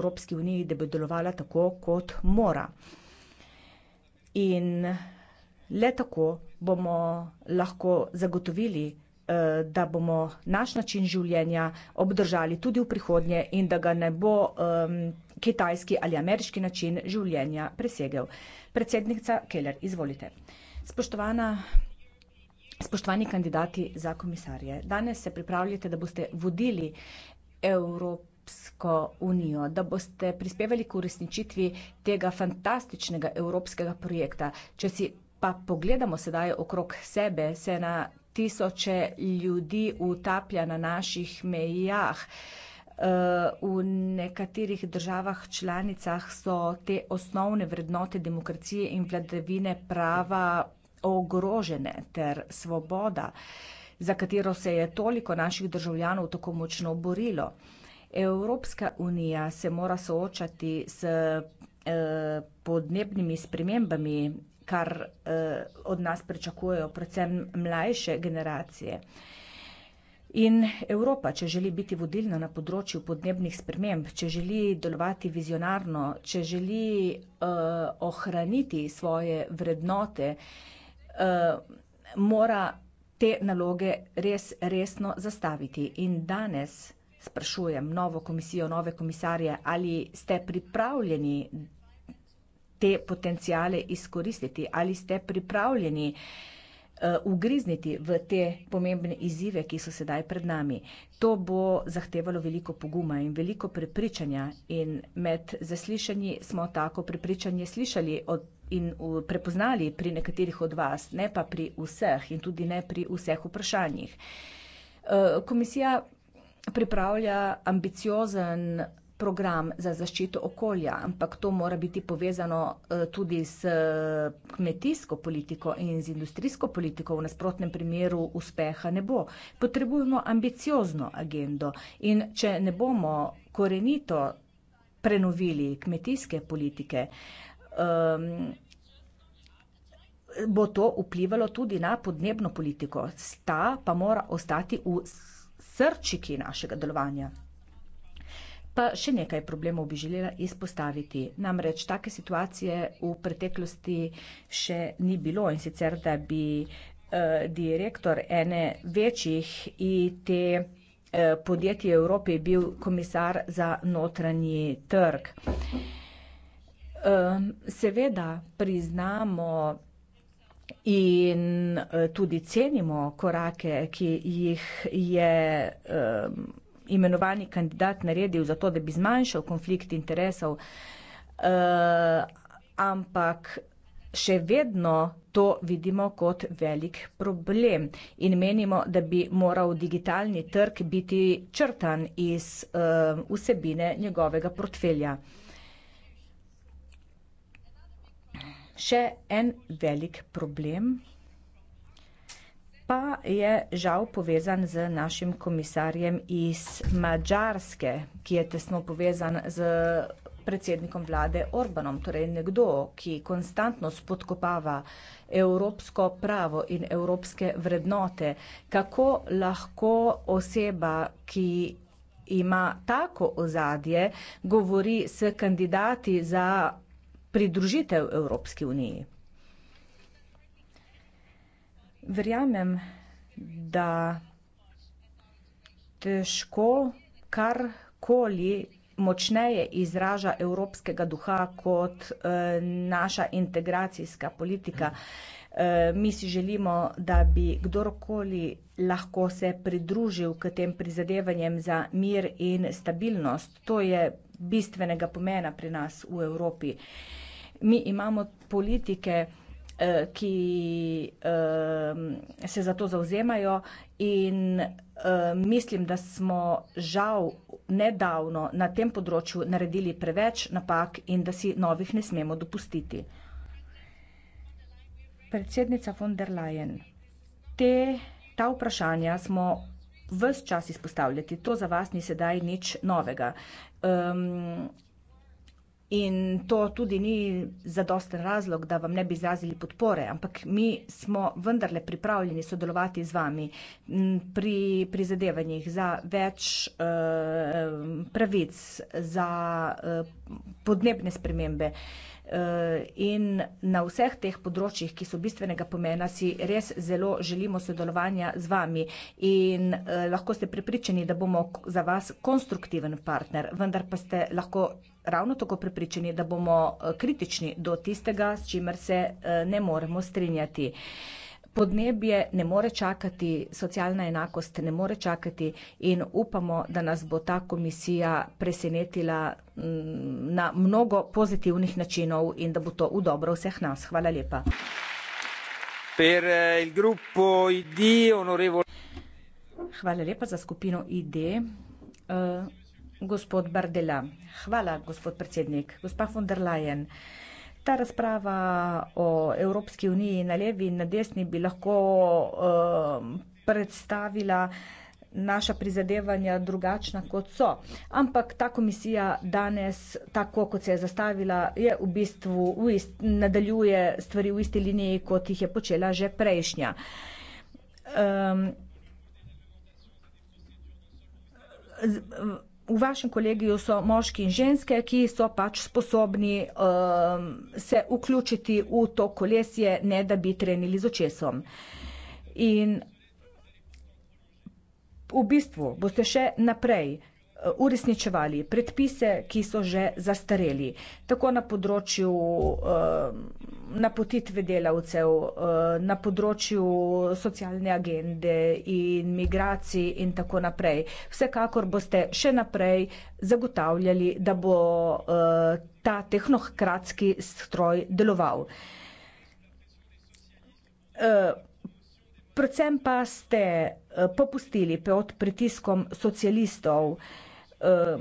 Evropski uniji, da bi delovala tako, kot mora. In le tako bomo lahko zagotovili, eh, da bomo naš način življenja obdržali tudi v prihodnje in da ga ne bo um, kitajski ali ameriški način življenja presegel. Predsednica Keller, izvolite. Spoštovana, spoštovani kandidati za komisarje, danes se pripravljate, da boste vodili Evropo Evropsko unijo, da boste prispevali k uresničitvi tega fantastičnega evropskega projekta. Če si pa pogledamo sedaj okrog sebe, se na tisoče ljudi utaplja na naših mejah. Eh, v nekaterih državah članicah so te osnovne vrednote demokracije in vladavine prava ogrožene ter svoboda, za katero se je toliko naših državljanov tako močno borilo. Evropska unija se mora soočati s eh, podnebnimi spremembami, kar eh, od nas pričakujejo predvsem mlajše generacije. In Evropa, če želi biti vodilna na področju podnebnih sprememb, če želi delovati vizionarno, če želi eh, ohraniti svoje vrednote, mora te naloge res resno zastaviti. In danes sprašujem novo komisijo, nove komisarje, ali ste pripravljeni te potencijale izkoristiti, ali ste pripravljeni eh, ugrizniti v te pomembne izzive, ki so sedaj pred nami. To bo zahtevalo veliko poguma in veliko prepričanja in med zaslišanji smo tako prepričanje slišali od, in prepoznali pri nekaterih od vas, ne pa pri vseh in tudi ne pri vseh vprašanjih. Eh, komisija pripravlja ambiciozen program za zaščito okolja, ampak to mora biti povezano eh, tudi s eh, kmetijsko politiko in z industrijsko politiko. V nasprotnem primeru uspeha ne bo. Potrebujemo ambiciozno agendo in če ne bomo korenito prenovili kmetijske politike, um, bo to vplivalo tudi na podnebno politiko. Ta pa mora ostati v srčiki našega delovanja. Pa še nekaj problemov bi želela izpostaviti. Namreč take situacije v preteklosti še ni bilo in sicer, da bi eh, direktor ene večjih IT eh, podjetij v Evropi bil komisar za notranji trg. Eh, seveda priznamo, in eh, tudi cenimo korake, ki jih je imenovani kandidat naredil za to, da bi zmanjšal konflikt interesov, eh, ampak še vedno to vidimo kot velik problem in menimo, da bi moral digitalni trg biti črtan iz eh, vsebine njegovega portfelja. še en velik problem, pa je žal povezan z našim komisarjem iz Madžarske, ki je tesno povezan z predsednikom vlade Orbanom, torej nekdo, ki konstantno spodkopava evropsko pravo in evropske vrednote, kako lahko oseba, ki ima tako ozadje, govori s kandidati za pridružitev Evropski uniji. Verjamem, da težko kar koli močneje izraža evropskega duha kot e, naša integracijska politika. E, mi si želimo, da bi kdorkoli lahko se pridružil k tem prizadevanjem za mir in stabilnost. To je bistvenega pomena pri nas v Evropi. E, mi imamo politike, eh, ki eh, se za to zauzemajo in eh, mislim, da smo žal nedavno na tem področju naredili preveč napak in da si novih ne smemo dopustiti. Predsednica von der Leyen, te, ta vprašanja smo ves čas izpostavljati, to za vas ni sedaj nič novega. Ehm, In to tudi ni zadosten razlog, da vam ne bi izrazili podpore, ampak mi smo vendarle pripravljeni sodelovati z vami pri prizadevanjih za več eh, pravic, za eh, podnebne spremembe. Eh, in na vseh teh področjih, ki so bistvenega pomena, si res zelo želimo sodelovanja z vami in eh, lahko ste prepričani, da bomo za vas konstruktiven partner, vendar pa ste lahko ravno tako prepričani, da bomo eh, kritični do tistega, s čimer se eh, ne moremo strinjati. Podnebje ne more čakati, socialna enakost ne more čakati in upamo, da nas bo ta komisija presenetila mm, na mnogo pozitivnih načinov in da bo to v dobro vseh nas. Hvala lepa. Eh, Hvala lepa za skupino ID gospod Bardela. Hvala, gospod predsednik. Gospa von der Leyen, ta razprava o Evropski uniji na levi in na desni bi lahko uh, predstavila naša prizadevanja drugačna, kot so. Ampak ta komisija danes, tako kot se je zastavila, je v bistvu v ist, nadaljuje stvari v isti liniji, kot jih je počela že prejšnja. Um, v vašem kolegiju so moški in ženske, ki so pač sposobni um, se vključiti v to kolesje, ne da bi trenili z očesom. In v bistvu boste še naprej. Eh, uresničevali predpise, ki so že zastareli, tako na področju eh, napotitve delavcev, eh, na področju socialne agende in migracij in tako naprej. Vsekakor boste še naprej zagotavljali, da bo ta tehnokratski stroj deloval. Predvsem pa ste popustili pod pritiskom socialistov, Eh,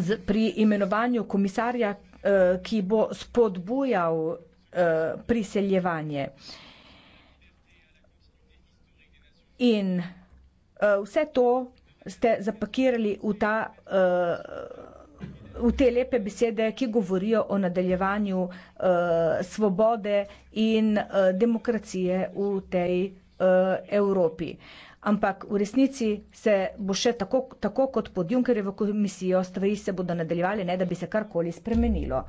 z, pri imenovanju komisarja, uh, ki bo spodbujal uh, priseljevanje. In uh, vse to ste zapakirali v, ta, uh, v te lepe besede, ki govorijo o nadaljevanju uh, svobode in uh, demokracije v tej uh, Evropi. Uh, Ampak v resnici se bo še tako, tako kot pod Junkerjevo komisijo, stvari se bodo nadaljevali, ne da bi se karkoli spremenilo.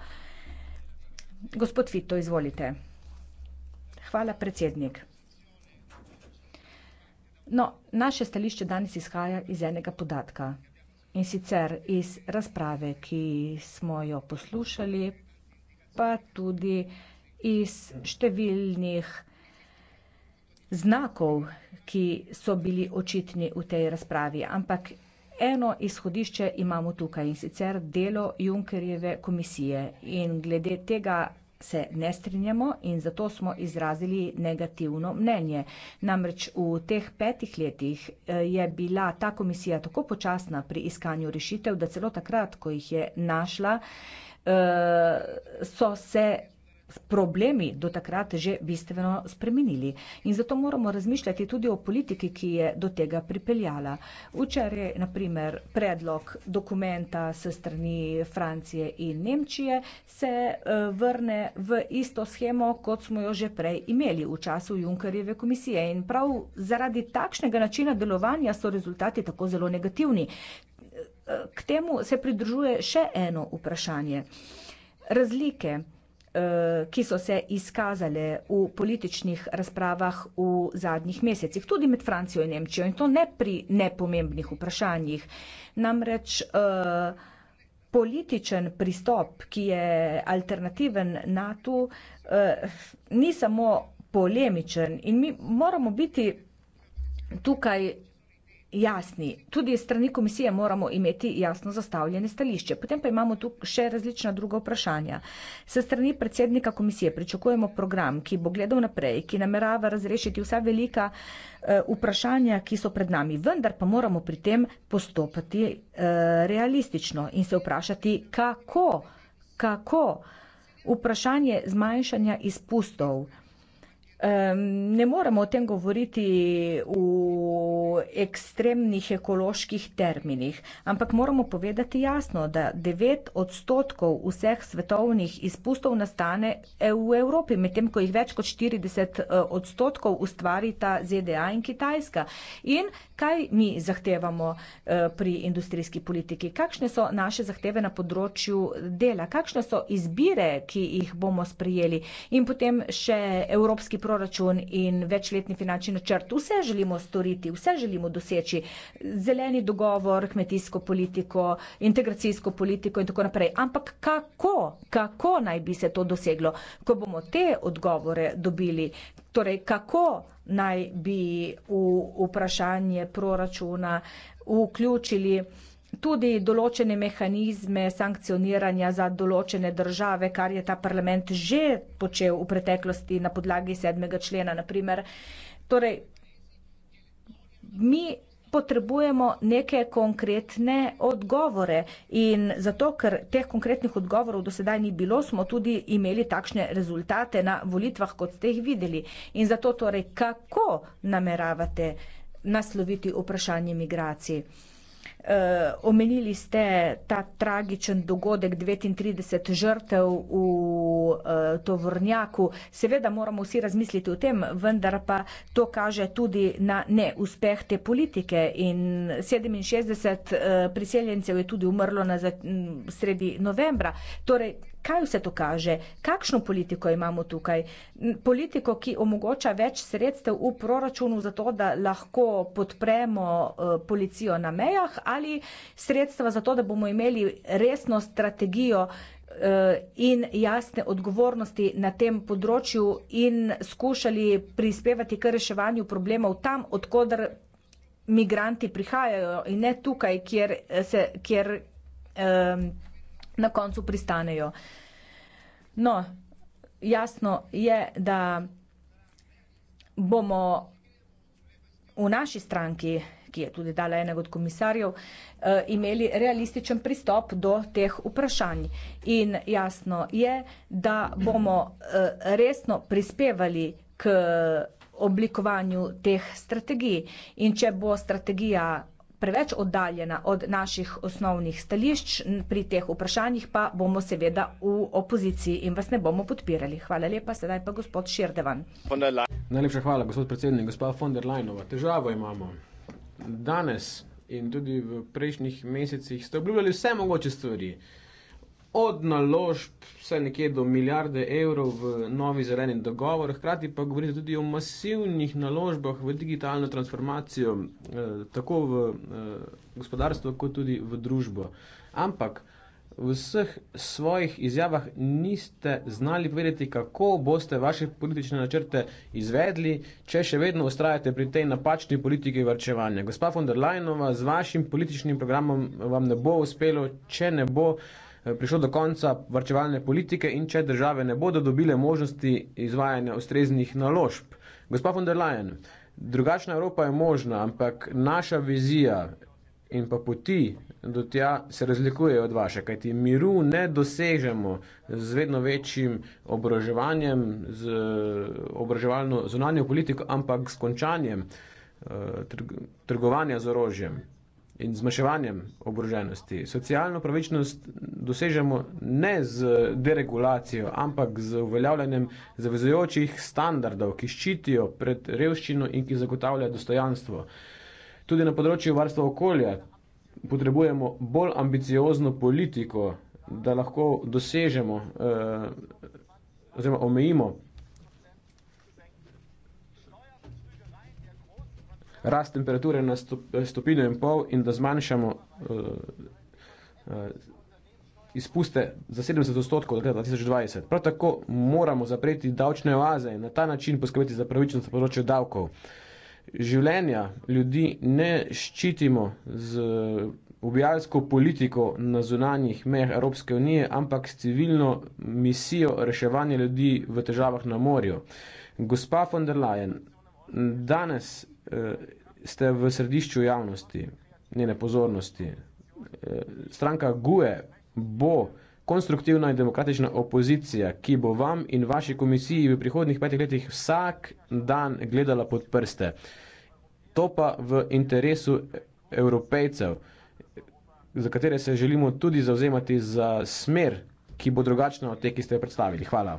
Gospod Fito, izvolite. Hvala, predsednik. No, naše stališče danes izhaja iz enega podatka in sicer iz razprave, ki smo jo poslušali, pa tudi iz številnih znakov, ki so bili očitni v tej razpravi, ampak eno izhodišče imamo tukaj in sicer delo Junkerjeve komisije in glede tega se ne strinjamo in zato smo izrazili negativno mnenje. Namreč v teh petih letih eh, je bila ta komisija tako počasna pri iskanju rešitev, da celo takrat, ko jih je našla, eh, so se problemi do takrat že bistveno spremenili. In zato moramo razmišljati tudi o politiki, ki je do tega pripeljala. Včeraj je, na primer, predlog dokumenta s strani Francije in Nemčije se eh, vrne v isto schemo, kot smo jo že prej imeli v času Junkerjeve komisije. In prav zaradi takšnega načina delovanja so rezultati tako zelo negativni. Eh, k temu se pridružuje še eno vprašanje. Razlike Eh, ki so se izkazale v političnih razpravah v zadnjih mesecih, tudi med Francijo in Nemčijo in to ne pri nepomembnih vprašanjih. Namreč eh, političen pristop, ki je alternativen NATO, eh, ni samo polemičen in mi moramo biti tukaj jasni. Tudi strani komisije moramo imeti jasno zastavljene stališče. Potem pa imamo tu še različna druga vprašanja. Se strani predsednika komisije pričakujemo program, ki bo gledal naprej, ki namerava razrešiti vsa velika eh, vprašanja, ki so pred nami. Vendar pa moramo pri tem postopati eh, realistično in se vprašati, kako, kako vprašanje zmanjšanja izpustov ne moremo o tem govoriti v ekstremnih ekoloških terminih, ampak moramo povedati jasno, da devet odstotkov vseh svetovnih izpustov nastane v Evropi, medtem ko jih več kot 40 eh, odstotkov ustvarita ZDA in Kitajska. In kaj mi zahtevamo eh, pri industrijski politiki? Kakšne so naše zahteve na področju dela? Kakšne so izbire, ki jih bomo sprejeli? In potem še evropski proizvod proračun in večletni finančni načrt. Vse želimo storiti, vse želimo doseči. Zeleni dogovor, kmetijsko politiko, integracijsko politiko in tako naprej. Ampak kako, kako naj bi se to doseglo, ko bomo te odgovore dobili? Torej, kako naj bi v vprašanje proračuna vključili tudi določene mehanizme sankcioniranja za določene države, kar je ta parlament že počel v preteklosti na podlagi sedmega člena, naprimer. Torej, mi potrebujemo neke konkretne odgovore in zato, ker teh konkretnih odgovorov do sedaj ni bilo, smo tudi imeli takšne rezultate na volitvah, kot ste jih videli. In zato torej, kako nameravate nasloviti vprašanje migracije? Eh, omenili ste ta tragičen dogodek 39 žrtev v eh, tovornjaku. Seveda moramo vsi razmisliti o tem, vendar pa to kaže tudi na neuspeh te politike in 67 eh, priseljencev je tudi umrlo na sredi novembra. Torej, kaj vse to kaže, kakšno politiko imamo tukaj. Politiko, ki omogoča več sredstev v proračunu za to, da lahko podpremo eh, policijo na mejah ali sredstva za to, da bomo imeli resno strategijo eh, in jasne odgovornosti na tem področju in skušali prispevati k reševanju problemov tam, odkudar migranti prihajajo in ne tukaj, kjer eh, se, kjer um, na koncu pristanejo. No, jasno je, da bomo v naši stranki, ki je tudi dala enega od komisarjev, eh, imeli realističen pristop do teh vprašanj. In jasno je, da bomo eh, resno prispevali k oblikovanju teh strategij. In če bo strategija preveč oddaljena od naših osnovnih stališč, pri teh vprašanjih pa bomo seveda v opoziciji in vas ne bomo podpirali. Hvala lepa, sedaj pa gospod Širdevan. Najlepša hvala, gospod predsednik, gospod von der Leinova. Težavo imamo. Danes in tudi v prejšnjih mesecih ste obljubljali vse mogoče stvari od naložb, vse nekje do milijarde evrov v novi zeleni dogovor, hkrati pa govorite tudi o masivnih naložbah v digitalno transformacijo, eh, tako v eh, gospodarstvo, kot tudi v družbo. Ampak v vseh svojih izjavah niste znali povedati, kako boste vaše politične načrte izvedli, če še vedno ustrajate pri tej napačni politiki varčevanja. Gospa von der Leyenova, z vašim političnim programom vam ne bo uspelo, če ne bo. Eh, prišlo do konca vrčevalne politike in če države ne bodo dobile možnosti izvajanja ustreznih naložb. Gospa von der Leyen, drugačna Evropa je možna, ampak naša vizija in pa poti do tja se razlikujejo od vaše, kajti miru ne dosežemo z vedno večjim obroževanjem, z obroževalno zunanjo politiko, ampak s končanjem uh, trg trgovanja z orožjem in zmaševanjem oboroženosti. Socialno pravičnost dosežemo ne z deregulacijo, ampak z uveljavljanjem zavezujočih standardov, ki ščitijo pred revščino in ki zagotavlja dostojanstvo. Tudi na področju varstva okolja potrebujemo bolj ambiciozno politiko, da lahko dosežemo eh, oziroma omejimo rast temperature na stopinjo in pol in da zmanjšamo eh, eh, izpuste za 70 odstotkov do leta 2020. Prav tako moramo zapreti davčne oaze in na ta način poskrbeti za pravičnost na področju davkov. Življenja ljudi ne ščitimo z objavljsko eh, politiko na zunanjih mejah Evropske unije, ampak s civilno misijo reševanja ljudi v težavah na morju. Gospa von der Leyen, danes eh, ste v središču javnosti, njene pozornosti. Eh, stranka GUE bo konstruktivna in demokratična opozicija, ki bo vam in vaši komisiji v prihodnih petih letih vsak dan gledala pod prste. To pa v interesu evropejcev, za katere se želimo tudi zauzemati za smer, ki bo drugačna od te, ki ste jo predstavili. Hvala.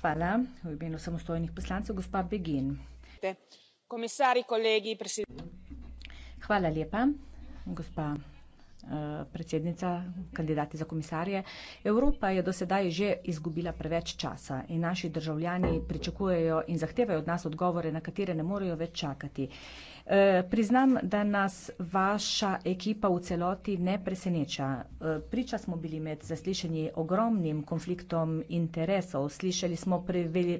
Hvala. V imenu samostojnih poslancev, gospod Begin. De komisar, kolegi, Hvala lepa, gospa, eh, predsednica, kandidati za komisarje. Evropa je do sedaj že izgubila preveč časa in naši državljani pričakujejo in zahtevajo od nas odgovore, na katere ne morejo več čakati. E, priznam, da nas vaša ekipa v celoti ne preseneča. E, priča smo bili med zaslišanji ogromnim konfliktom interesov, slišali smo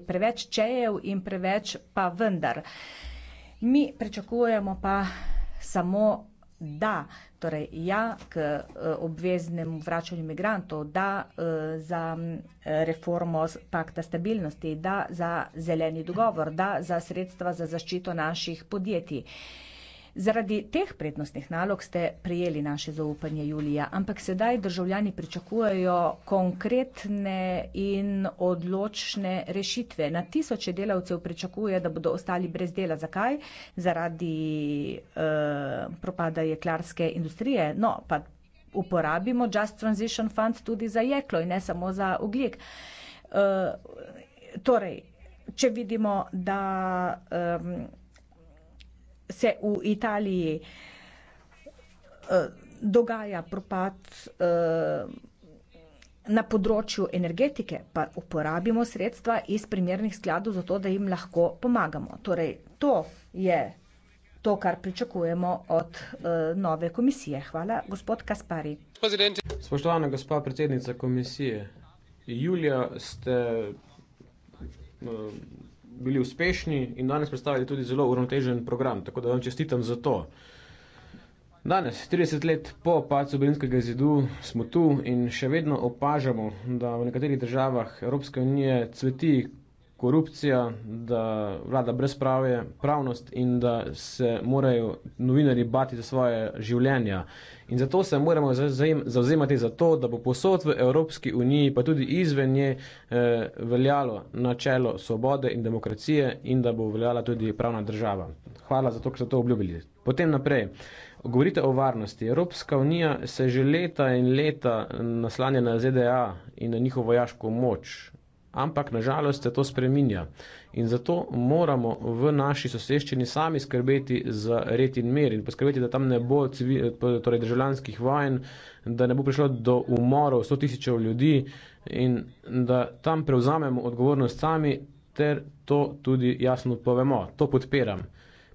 preveč čejev in preveč pa vendar. Mi pričakujemo pa samo da, torej ja k e, obveznemu vračanju migrantov, da e, za e, reformo pakta stabilnosti, da za zeleni dogovor, da za sredstva za zaščito naših podjetij. Zaradi teh prednostnih nalog ste prijeli naše zaupanje, Julija, ampak sedaj državljani pričakujejo konkretne in odločne rešitve. Na tisoče delavcev pričakuje, da bodo ostali brez dela. Zakaj? Zaradi uh, propada jeklarske industrije. No, pa uporabimo Just Transition Fund tudi za jeklo in ne samo za ugljik. Uh, torej, če vidimo, da. Um, se v Italiji eh, dogaja propad eh, na področju energetike, pa uporabimo sredstva iz primernih skladov za to, da jim lahko pomagamo. Torej, to je to, kar pričakujemo od uh, nove komisije. Hvala, gospod Kaspari. Spoštovana gospa predsednica komisije, julija ste uh, bili uspešni in danes predstavili tudi zelo uravnotežen program. Tako da vam čestitam za to. Danes, 30 let po padcu Berlinskega zidu, smo tu in še vedno opažamo, da v nekaterih državah Evropske unije cveti korupcija, da vlada brezpravje, pravnost in da se morajo novinari bati za svoje življenja. In zato se moramo zauzemati za to, da bo posod v Evropski uniji, pa tudi izven nje, eh, veljalo načelo svobode in demokracije in da bo veljala tudi pravna država. Hvala za to, ker ste to obljubili. Potem naprej. Govorite o varnosti. Evropska unija se že leta in leta naslanja na ZDA in na njihovo vojaško moč ampak nažalost se to spreminja. In zato moramo v naši soseščini sami skrbeti za red in mer in poskrbeti, da tam ne bo civil, torej državljanskih vojen, da ne bo prišlo do umorov 100 tisočev ljudi in da tam prevzamemo odgovornost sami ter to tudi jasno povemo. To podpiram.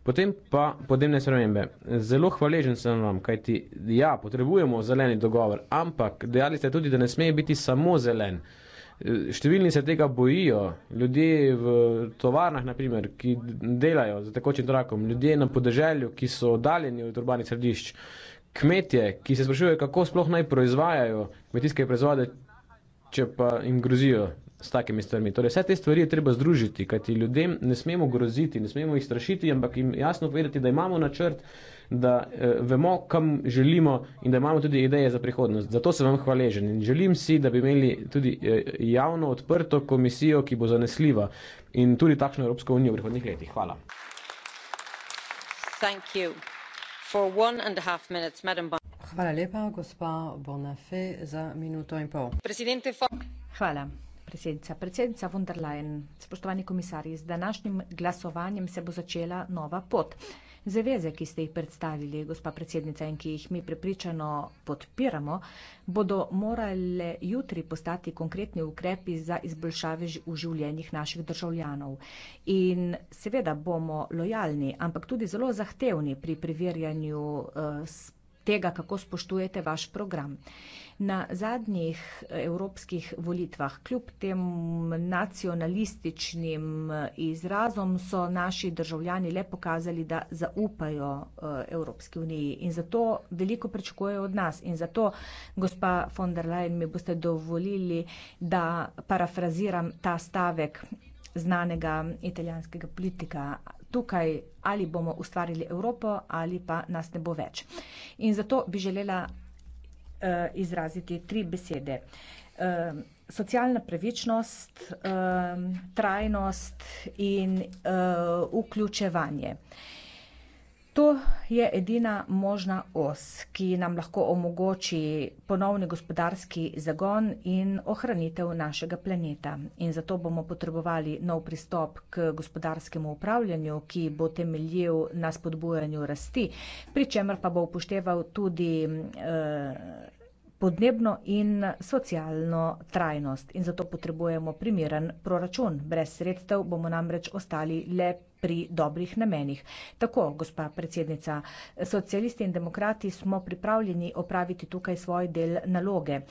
Potem pa podnebne spremembe. Zelo hvaležen sem vam, kajti ja, potrebujemo zeleni dogovor, ampak dejali ste tudi, da ne sme biti samo zelen. Eh, številni se tega bojijo, ljudje v tovarnah, naprimer, ki delajo za tekočim trakom, ljudje na podeželju, ki so oddaljeni od urbanih središč, kmetje, ki se sprašujejo, kako sploh naj proizvajajo kmetijske proizvode, če pa jim grozijo s takimi stvarmi. Torej, vse te stvari je treba združiti, kajti ljudem ne smemo groziti, ne smemo jih strašiti, ampak jim jasno povedati, da imamo načrt da e, vemo, kam želimo in da imamo tudi ideje za prihodnost. Zato sem vam hvaležen in želim si, da bi imeli tudi e, javno odprto komisijo, ki bo zanesljiva in tudi takšno Evropsko unijo v prihodnih letih. Hvala. Hvala lepa, gospa Bonafé, za minuto in pol. Hvala. Predsednica, predsednica von der Leyen, spoštovani komisarji, z današnjim glasovanjem se bo začela nova pot. Zaveze, ki ste jih predstavili, gospa predsednica, in ki jih mi prepričano podpiramo, bodo morale jutri postati konkretni ukrepi za izboljšave v življenjih naših državljanov. In seveda bomo lojalni, ampak tudi zelo zahtevni pri preverjanju eh, tega, kako spoštujete vaš program. Na zadnjih evropskih volitvah, kljub tem nacionalističnim izrazom, so naši državljani le pokazali, da zaupajo eh, Evropski uniji in zato veliko pričakujejo od nas. In zato, gospa von der Leyen, mi boste dovolili, da parafraziram ta stavek znanega italijanskega politika tukaj, ali bomo ustvarili Evropo ali pa nas ne bo več. In zato bi želela uh, izraziti tri besede. Uh, socialna pravičnost, uh, trajnost in uh, vključevanje. Uh, To je edina možna os, ki nam lahko omogoči ponovni gospodarski zagon in ohranitev našega planeta. In zato bomo potrebovali nov pristop k gospodarskemu upravljanju, ki bo temeljil na spodbujanju rasti, pri čemer pa bo upošteval tudi. Eh, podnebno in socialno trajnost. In zato potrebujemo primeren proračun. Brez sredstev bomo namreč ostali le pri dobrih namenih. Tako, gospa predsednica, socialisti in demokrati smo pripravljeni opraviti tukaj svoj del naloge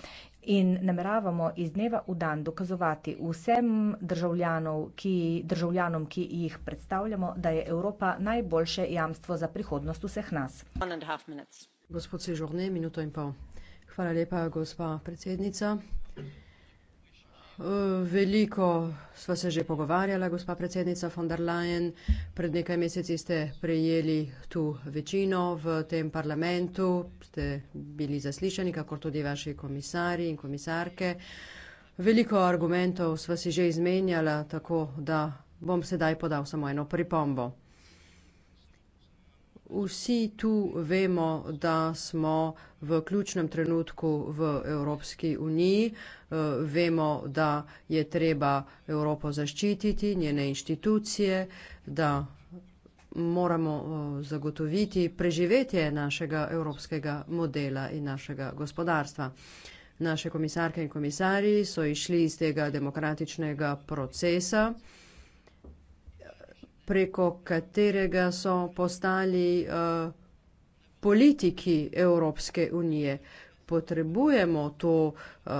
in nameravamo iz dneva v dan dokazovati vsem ki, državljanom, ki jih predstavljamo, da je Evropa najboljše jamstvo za prihodnost vseh nas. Gospod Sežorne, minuto in pol. Hvala lepa, gospa predsednica. Veliko sva se že pogovarjala, gospa predsednica von der Leyen. Pred nekaj meseci ste prejeli tu večino v tem parlamentu, ste bili zaslišani, kako tudi vaši komisari in komisarke. Veliko argumentov sva si že izmenjala, tako da bom sedaj podal samo eno pripombo. Vsi tu vemo, da smo v ključnem trenutku v Evropski uniji, eh, vemo, da je treba Evropo zaščititi, njene inštitucije, da moramo eh, zagotoviti preživetje našega evropskega modela in našega gospodarstva. Naše komisarke in komisarji so išli iz tega demokratičnega procesa preko katerega so postali eh, politiki Evropske unije. Potrebujemo to eh,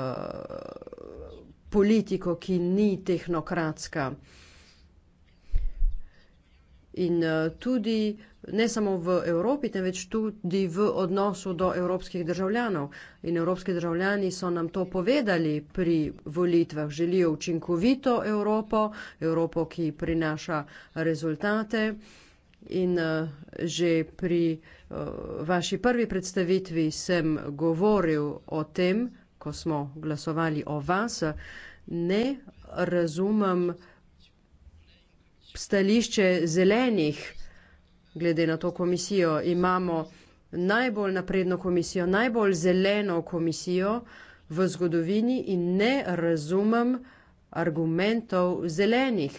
politiko, ki ni tehnokratska in eh, tudi ne samo v Evropi, temveč tudi v odnosu do evropskih državljanov. In evropski državljani so nam to povedali pri volitvah. Želijo učinkovito Evropo, Evropo, ki prinaša rezultate. In eh, že pri eh, vaši prvi predstavitvi sem govoril o tem, ko smo glasovali o vas, ne razumem, stališče zelenih, glede na to komisijo, imamo najbolj napredno komisijo, najbolj zeleno komisijo v zgodovini in ne razumem argumentov zelenih.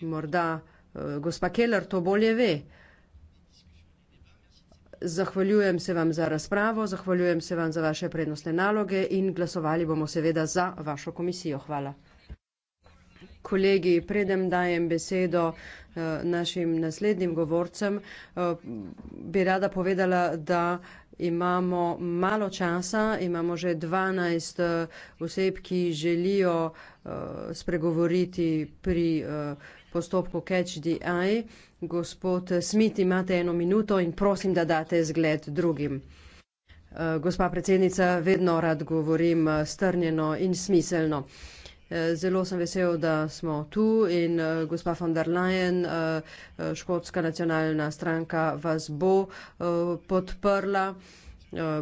Morda uh, gospa Keller to bolje ve. Zahvaljujem se vam za razpravo, zahvaljujem se vam za vaše prednostne naloge in glasovali bomo seveda za vašo komisijo. Hvala kolegi, predem dajem besedo eh, našim naslednjim govorcem, eh, bi rada povedala, da imamo malo časa, imamo že 12 eh, oseb, ki želijo spregovoriti pri postopku Catch the Eye. Gospod Smith, imate eno minuto in prosim, da date zgled drugim. Gospa predsednica, vedno rad govorim strnjeno in smiselno. Eh, zelo sem vesel, da smo tu in eh, gospa von der Leyen, eh, škotska nacionalna stranka, vas bo podprla.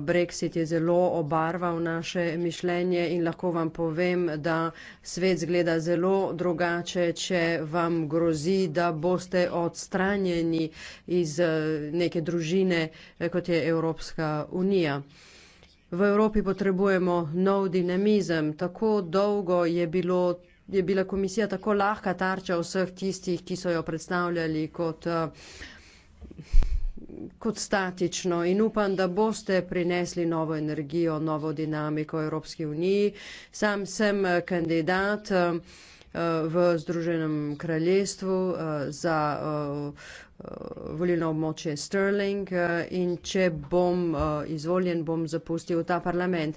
Brexit je zelo obarval naše mišljenje in lahko vam povem, da svet zgleda zelo drugače, če vam grozi, da boste odstranjeni iz neke družine, kot je Evropska unija. V Evropi potrebujemo nov dinamizem. Tako dolgo je, bilo, je bila komisija tako lahka tarča vseh tistih, ki so jo predstavljali kot, eh, kot statično. In upam, da boste prinesli novo energijo, novo dinamiko Evropski uniji. Sam sem eh, kandidat eh, v Združenem kraljestvu za Eh, volilno območje Sterling eh, in če bom eh, izvoljen, bom zapustil ta parlament.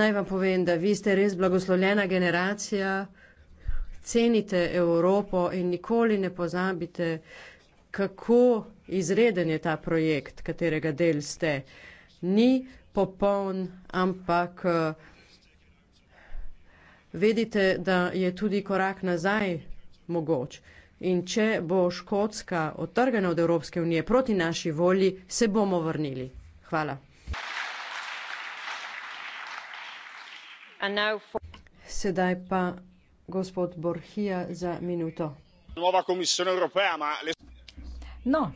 Naj vam povem, da vi ste res blagoslovljena generacija, cenite Evropo in nikoli ne pozabite, kako izreden je ta projekt, katerega del ste. Ni popoln, ampak vedite, da je tudi korak nazaj mogoče. In če bo Škotska otrgana od Evropske unije proti naši volji, se bomo vrnili. Hvala. Sedaj pa gospod Borhija za minuto. No,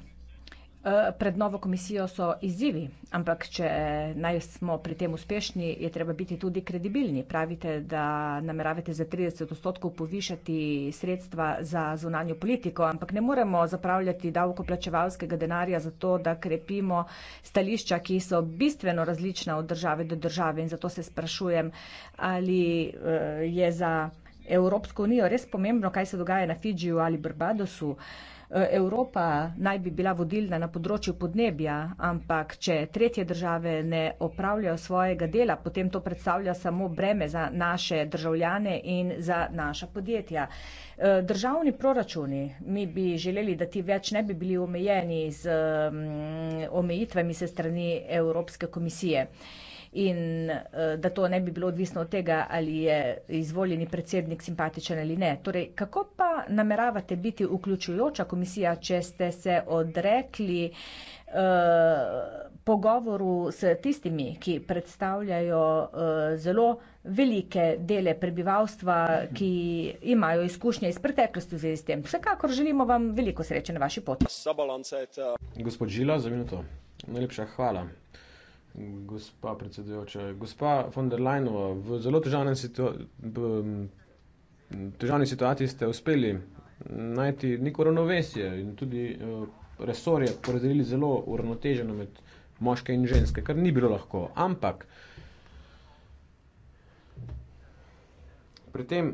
Eh, pred novo komisijo so izzivi, ampak če eh, naj smo pri tem uspešni, je treba biti tudi kredibilni. Pravite, da nameravate za 30 odstotkov povišati sredstva za zunanjo politiko, ampak ne moremo zapravljati davkoplačevalskega denarja za to, da krepimo stališča, ki so bistveno različna od države do države. In zato se sprašujem, ali eh, je za Evropsko unijo res pomembno, kaj se dogaja na Fidžiju ali Barbadosu. Eh, Evropa naj bi bila vodilna na področju podnebja, ampak če tretje države ne opravljajo svojega dela, potem to predstavlja samo breme za naše državljane in za naša podjetja. Eh, državni proračuni, mi bi želeli, da ti več ne bi bili omejeni z mm, omejitvami se strani Evropske komisije in eh, da to ne bi bilo odvisno od tega, ali je izvoljeni predsednik simpatičen ali ne. Torej, kako pa nameravate biti vključujoča komisija, če ste se odrekli uh, pogovoru s tistimi, ki predstavljajo uh, zelo velike dele prebivalstva, ki imajo izkušnje iz preteklosti v zvezi s tem. Vsekakor želimo vam veliko sreče na vaši poti. Gospod Žila, za minuto. Najlepša hvala. Gospa predsedujoča, gospa von der Leyen, v zelo težavnem situa težavni situaciji ste uspeli najti neko ravnovesje in tudi uh, resorje porazdelili zelo uravnoteženo med moške in ženske, kar ni bilo lahko. Ampak pri tem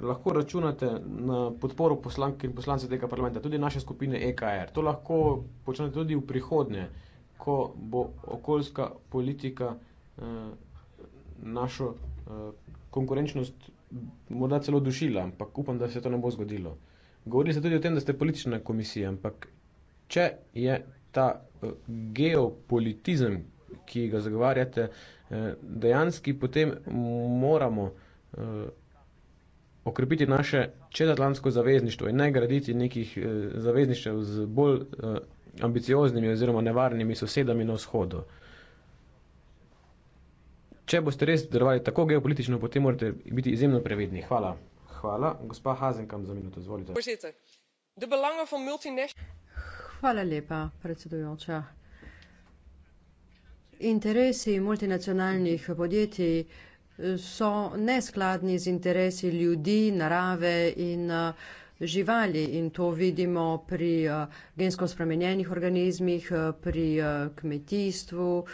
lahko računate na podporo poslank in poslancev tega parlamenta, tudi naše skupine EKR. To lahko počnete tudi v prihodnje. Uh, ko bo okoljska politika eh, našo eh, konkurenčnost morda celo dušila, ampak upam, da se to ne bo zgodilo. Govorili ste tudi o tem, da ste politična komisija, ampak če je ta eh, geopolitizem, ki ga zagovarjate, eh, dejanski, potem moramo. Eh, okrepiti naše čezatlantsko zavezništvo in ne graditi nekih eh, zavezništev z bolj eh, ambicioznimi oziroma nevarnimi sosedami na vzhodu. Če boste res delovali tako geopolitično, potem morate biti izjemno previdni. Hvala. Hvala. Gospa Hazenkam za minuto, izvolite. Hvala lepa, predsedujoča. Interesi multinacionalnih podjetij eh, so neskladni z interesi ljudi, narave in uh, živali in to vidimo pri eh, gensko spremenjenih organizmih, eh, pri eh, kmetijstvu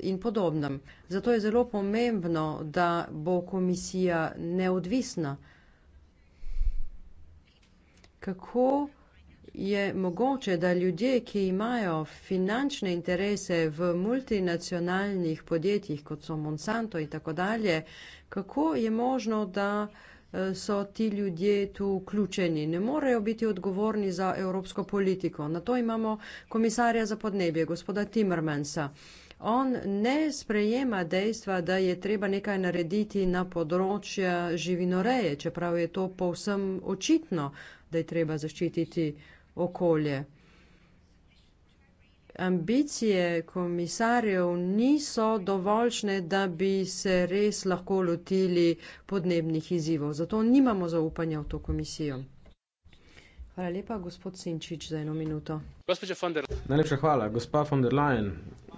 in podobnem. Zato je zelo pomembno, da bo komisija neodvisna. Kako je mogoče, da ljudje, ki imajo finančne interese v multinacionalnih podjetjih, kot so Monsanto in tako dalje, kako je možno, da so ti ljudje tu vključeni. Ne morejo biti odgovorni za evropsko politiko. Na to imamo komisarja za podnebje, gospoda Timmermansa. On ne sprejema dejstva, da je treba nekaj narediti na področju živinoreje, čeprav je to povsem očitno, da je treba zaščititi okolje ambicije komisarjev niso dovoljšne, da bi se res lahko lotili podnebnih izzivov. Zato nimamo zaupanja v to komisijo. Hvala lepa, gospod Sinčič, za eno minuto. Najlepša hvala, gospa von der Leyen.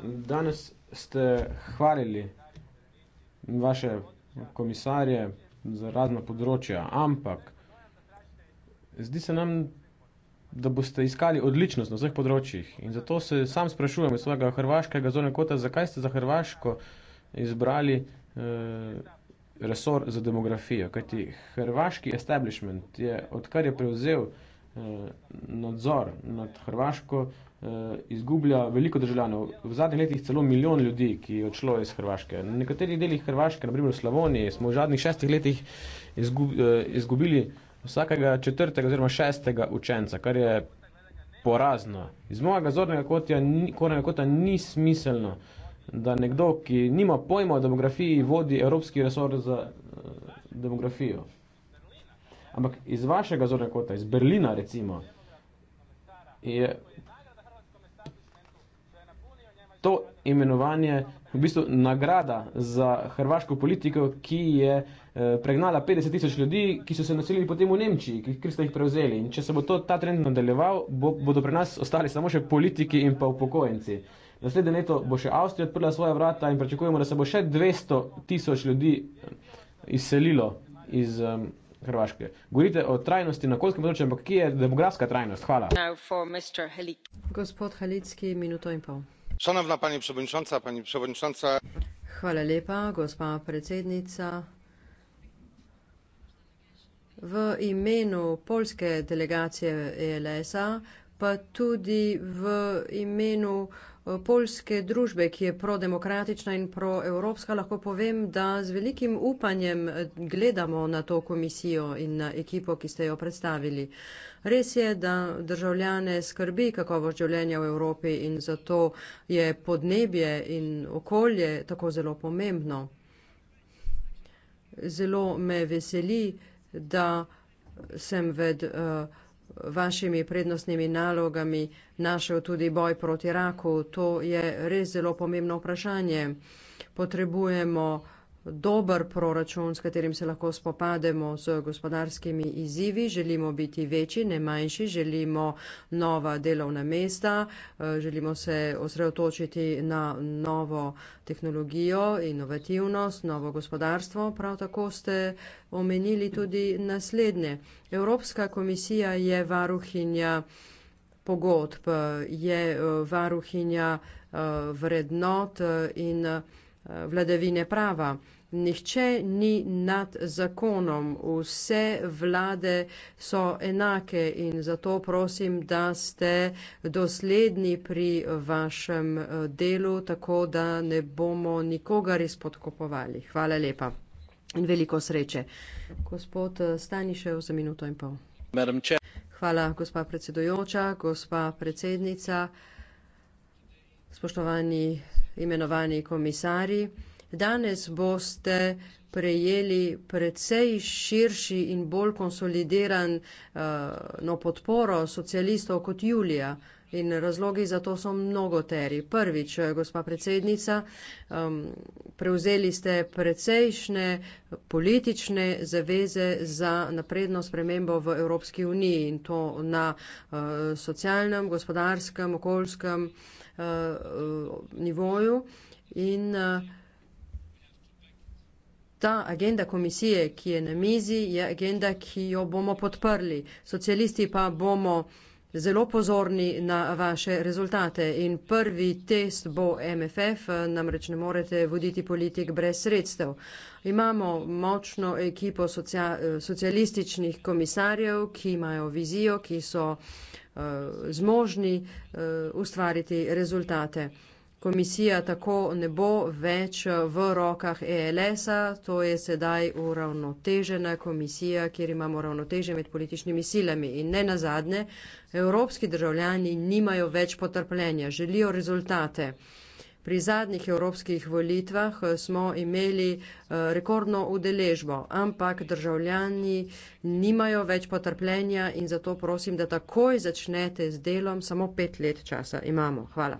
Danes ste hvalili vaše komisarje za razna področja, ampak zdi se nam, da boste iskali odličnost na vseh področjih. In zato se sam sprašujem iz svojega hrvaškega zornega kota, zakaj ste za Hrvaško izbrali eh, resor za demografijo. Kajti hrvaški establishment je, odkar je prevzel eh, nadzor nad Hrvaško, eh, izgublja veliko državljanov. V zadnjih letih celo milijon ljudi, ki je odšlo iz Hrvaške. Na nekaterih delih Hrvaške, naprimer v Slavoniji, smo v zadnjih šestih letih izgub, eh, izgubili vsakega četrtega oziroma šestega učenca, kar je porazno. Iz mojega zornega kotja, kota ni smiselno, da nekdo, ki nima pojma o demografiji, vodi Evropski resor za uh, demografijo. Ampak iz vašega zornega kota, iz Berlina recimo, je to imenovanje v bistvu nagrada za hrvaško politiko, ki je eh, pregnala 50 tisoč ljudi, ki so se naselili potem v Nemčiji, ki, ki ste jih prevzeli. In če se bo to, ta trend nadaljeval, bo, bodo pri nas ostali samo še politiki in pa upokojenci. Naslednje leto bo še Avstrija odprla svoja vrata in pričakujemo, da se bo še 200 tisoč ljudi eh, izselilo iz um, Hrvaške. Govorite o trajnosti na kolskem področju, ampak kje je demografska trajnost? Hvala. Gospod Halicki, minuto in pol. Šanovna pani predsedujoča, pani predsedujoča. Hvala lepa, gospa predsednica. V imenu poljske delegacije ELS-a pa tudi v imenu Eh, polske družbe, ki je prodemokratična in proevropska, lahko povem, da z velikim upanjem eh, gledamo na to komisijo in na ekipo, ki ste jo predstavili. Res je, da državljane skrbi kakovo življenja v Evropi in zato je podnebje in okolje tako zelo pomembno. Zelo me veseli, da sem ved uh, vašimi prednostnimi nalogami našel tudi boj proti raku? To je res zelo pomembno vprašanje. Potrebujemo dober proračun, s katerim se lahko spopademo z gospodarskimi izzivi, želimo biti večji, ne manjši, želimo nova delovna mesta, eh, želimo se osredotočiti na novo tehnologijo, inovativnost, novo gospodarstvo. Prav tako ste omenili tudi naslednje. Evropska komisija je varuhinja pogodb, je eh, varuhinja eh, vrednot in vladavine prava. Nihče ni nad zakonom, vse vlade so enake in zato prosim, da ste dosledni pri vašem eh, delu, tako da ne bomo nikogar izpodkopovali. Hvala lepa in veliko sreče. Gospod eh, Stanišev za minuto in pol. Hvala, gospa predsedujoča, gospa predsednica, spoštovani imenovani komisari. Danes boste prejeli precej širši in bolj konsolideran uh, eh, no, podporo socialistov kot Julija. In razlogi za to so mnogoteri. Prvič, eh, gospa predsednica, um, prevzeli ste precejšne politične zaveze za napredno spremembo v Evropski uniji in to na uh, socialnem, gospodarskem, okoljskem uh, nivoju. In, uh, Ta agenda komisije, ki je na mizi, je agenda, ki jo bomo podprli. Socialisti pa bomo zelo pozorni na vaše rezultate in prvi test bo MFF, namreč ne morete voditi politik brez sredstev. Imamo močno ekipo socia socialističnih komisarjev, ki imajo vizijo, ki so uh, zmožni uh, ustvariti rezultate. Komisija tako ne bo več v rokah ELS-a, to je sedaj uravnotežena komisija, kjer imamo ravnoteže med političnimi silami. In ne nazadnje, evropski državljani nimajo več potrpljenja, želijo rezultate. Pri zadnjih evropskih volitvah eh, smo imeli eh, rekordno udeležbo, ampak državljani nimajo več potrpljenja in zato prosim, da takoj začnete z delom. Samo pet let časa imamo. Hvala.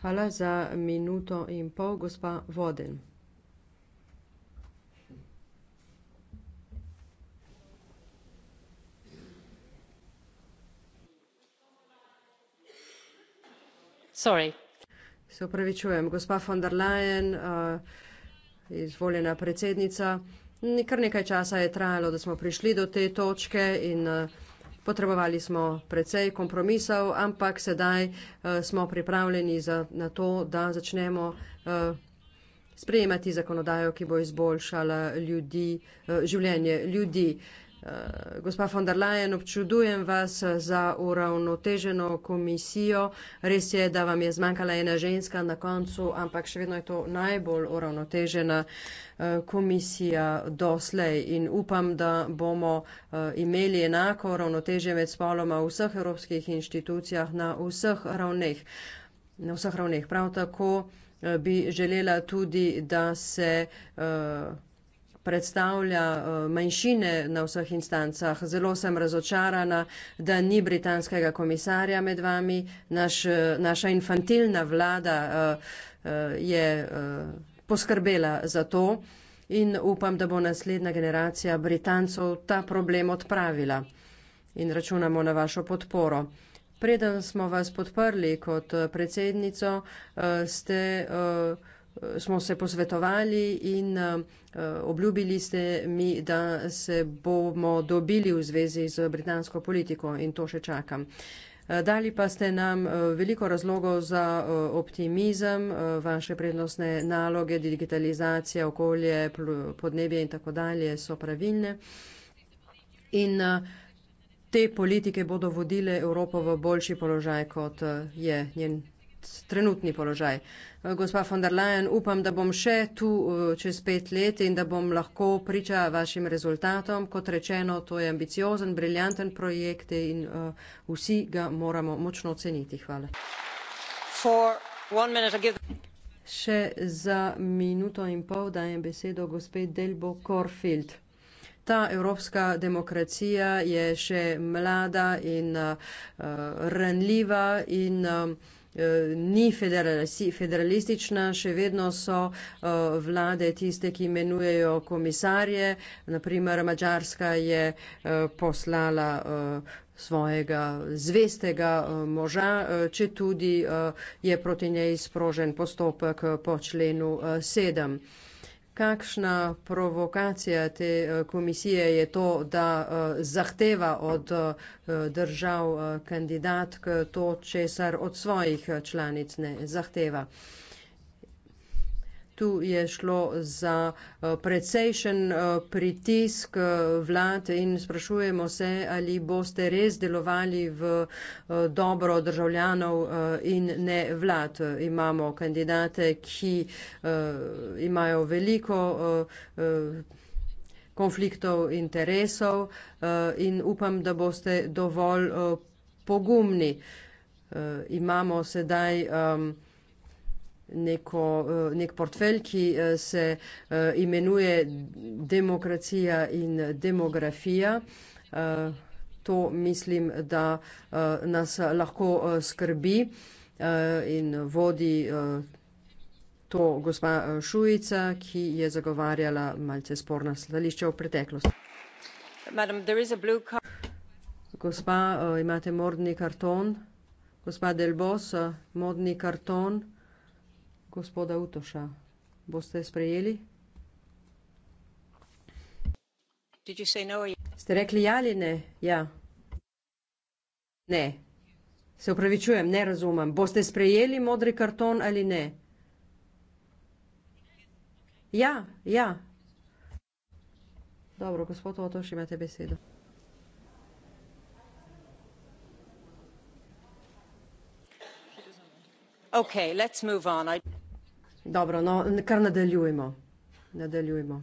Hvala za minuto in pol, gospa Voden. Sorry. Se upravičujem, gospa von der Leyen, eh, izvoljena predsednica. Kar nekaj časa je trajalo, da smo prišli do te točke in eh, potrebovali smo precej kompromisov, ampak sedaj eh, smo pripravljeni za, na to, da začnemo sprejemati zakonodajo, ki bo izboljšala ljudi, življenje ljudi. Eh, gospa von der Leyen, občudujem vas za uravnoteženo komisijo. Res je, da vam je zmanjkala ena ženska na koncu, ampak še vedno je to najbolj uravnotežena eh, komisija doslej in upam, da bomo eh, imeli enako uravnoteže med spoloma v vseh evropskih inštitucijah na vseh ravneh. Na vseh ravneh. Prav tako bi želela tudi, da se uh, predstavlja eh, manjšine na vseh instancah. Zelo sem razočarana, da ni britanskega komisarja med vami. Naš, eh, naša infantilna vlada eh, je poskrbela za to in upam, da bo naslednja generacija Britancov ta problem odpravila in računamo na vašo podporo. Preden smo vas podprli kot predsednico, ste. Uh smo se posvetovali in eh, eh, obljubili ste mi, da se bomo dobili v zvezi z britansko politiko in to še čakam. Eh, dali pa ste nam veliko razlogov za optimizem, vaše prednostne naloge, digitalizacija, okolje, podnebje in tako dalje so pravilne. In te politike bodo vodile Evropo v boljši položaj, kot je njen trenutni položaj. Gospa von der Leyen, upam, da bom še tu eh, čez pet let in da bom lahko priča vašim rezultatom. Kot rečeno, to je ambiciozen, briljanten projekt in uh, vsi ga moramo močno oceniti. Hvala. Še za minuto in pol dajem besedo gospod Delbo Korfield. Ta evropska demokracija je še mlada in uh, ranljiva in uh, Eh, ni federalistična, še vedno so eh, vlade tiste, ki imenujejo komisarje. Naprimer, Mačarska je eh, poslala svojega zvestega moža, če tudi je proti njej sprožen postopek po členu sedem. Kakšna provokacija te eh, komisije je to, da eh, zahteva od eh, držav kandidatk to, česar od svojih članic ne zahteva? Tu je šlo za eh, precejšen eh, pritisk eh, vlad in sprašujemo se, ali boste res delovali v dobro državljanov in ne vlad. Imamo kandidate, ki imajo veliko konfliktov interesov in upam, da boste dovolj pogumni. Imamo sedaj. Ehm, neko, eh, nek portfelj, ki eh, se eh, imenuje demokracija in demografija. To mislim, da nas lahko skrbi in vodi to gospa Šujica, ki je zagovarjala malce sporna stališča v preteklosti. Madam, gospa, imate modni karton. Gospa Delbos, modni karton gospoda Utoša. Boste sprejeli? No? Ste rekli ja ali ne? Ja. Ne. Se upravičujem, ne razumem. Boste sprejeli modri karton ali ne? Ja, ja. Dobro, gospod Otoš, imate besedo. Okay, let's move on. I... Dobro, no, kar nadaljujemo. Nadaljujemo.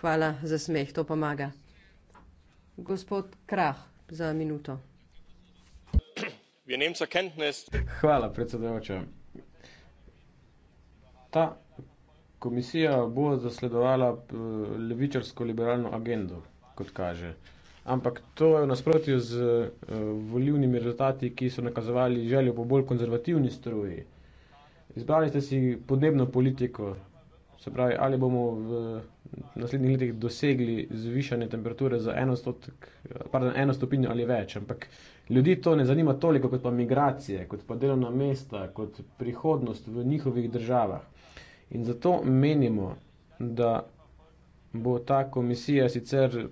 Hvala za smeh, to pomaga. Gospod Krah, za minuto. Hvala, predsedujoča. Ta komisija bo zasledovala eh, levičarsko-liberalno agendo, kot kaže ampak to je v nasprotju z eh, volivnimi rezultati, ki so nakazovali željo po bolj konzervativni stroji. Izbrali ste si podnebno politiko, se pravi, ali bomo v naslednjih letih dosegli zvišanje temperature za eno, stotek, pardon, eno stopinjo ali več. Ampak ljudi to ne zanima toliko kot pa migracije, kot pa delovna mesta, kot prihodnost v njihovih državah. In zato menimo, da bo ta komisija sicer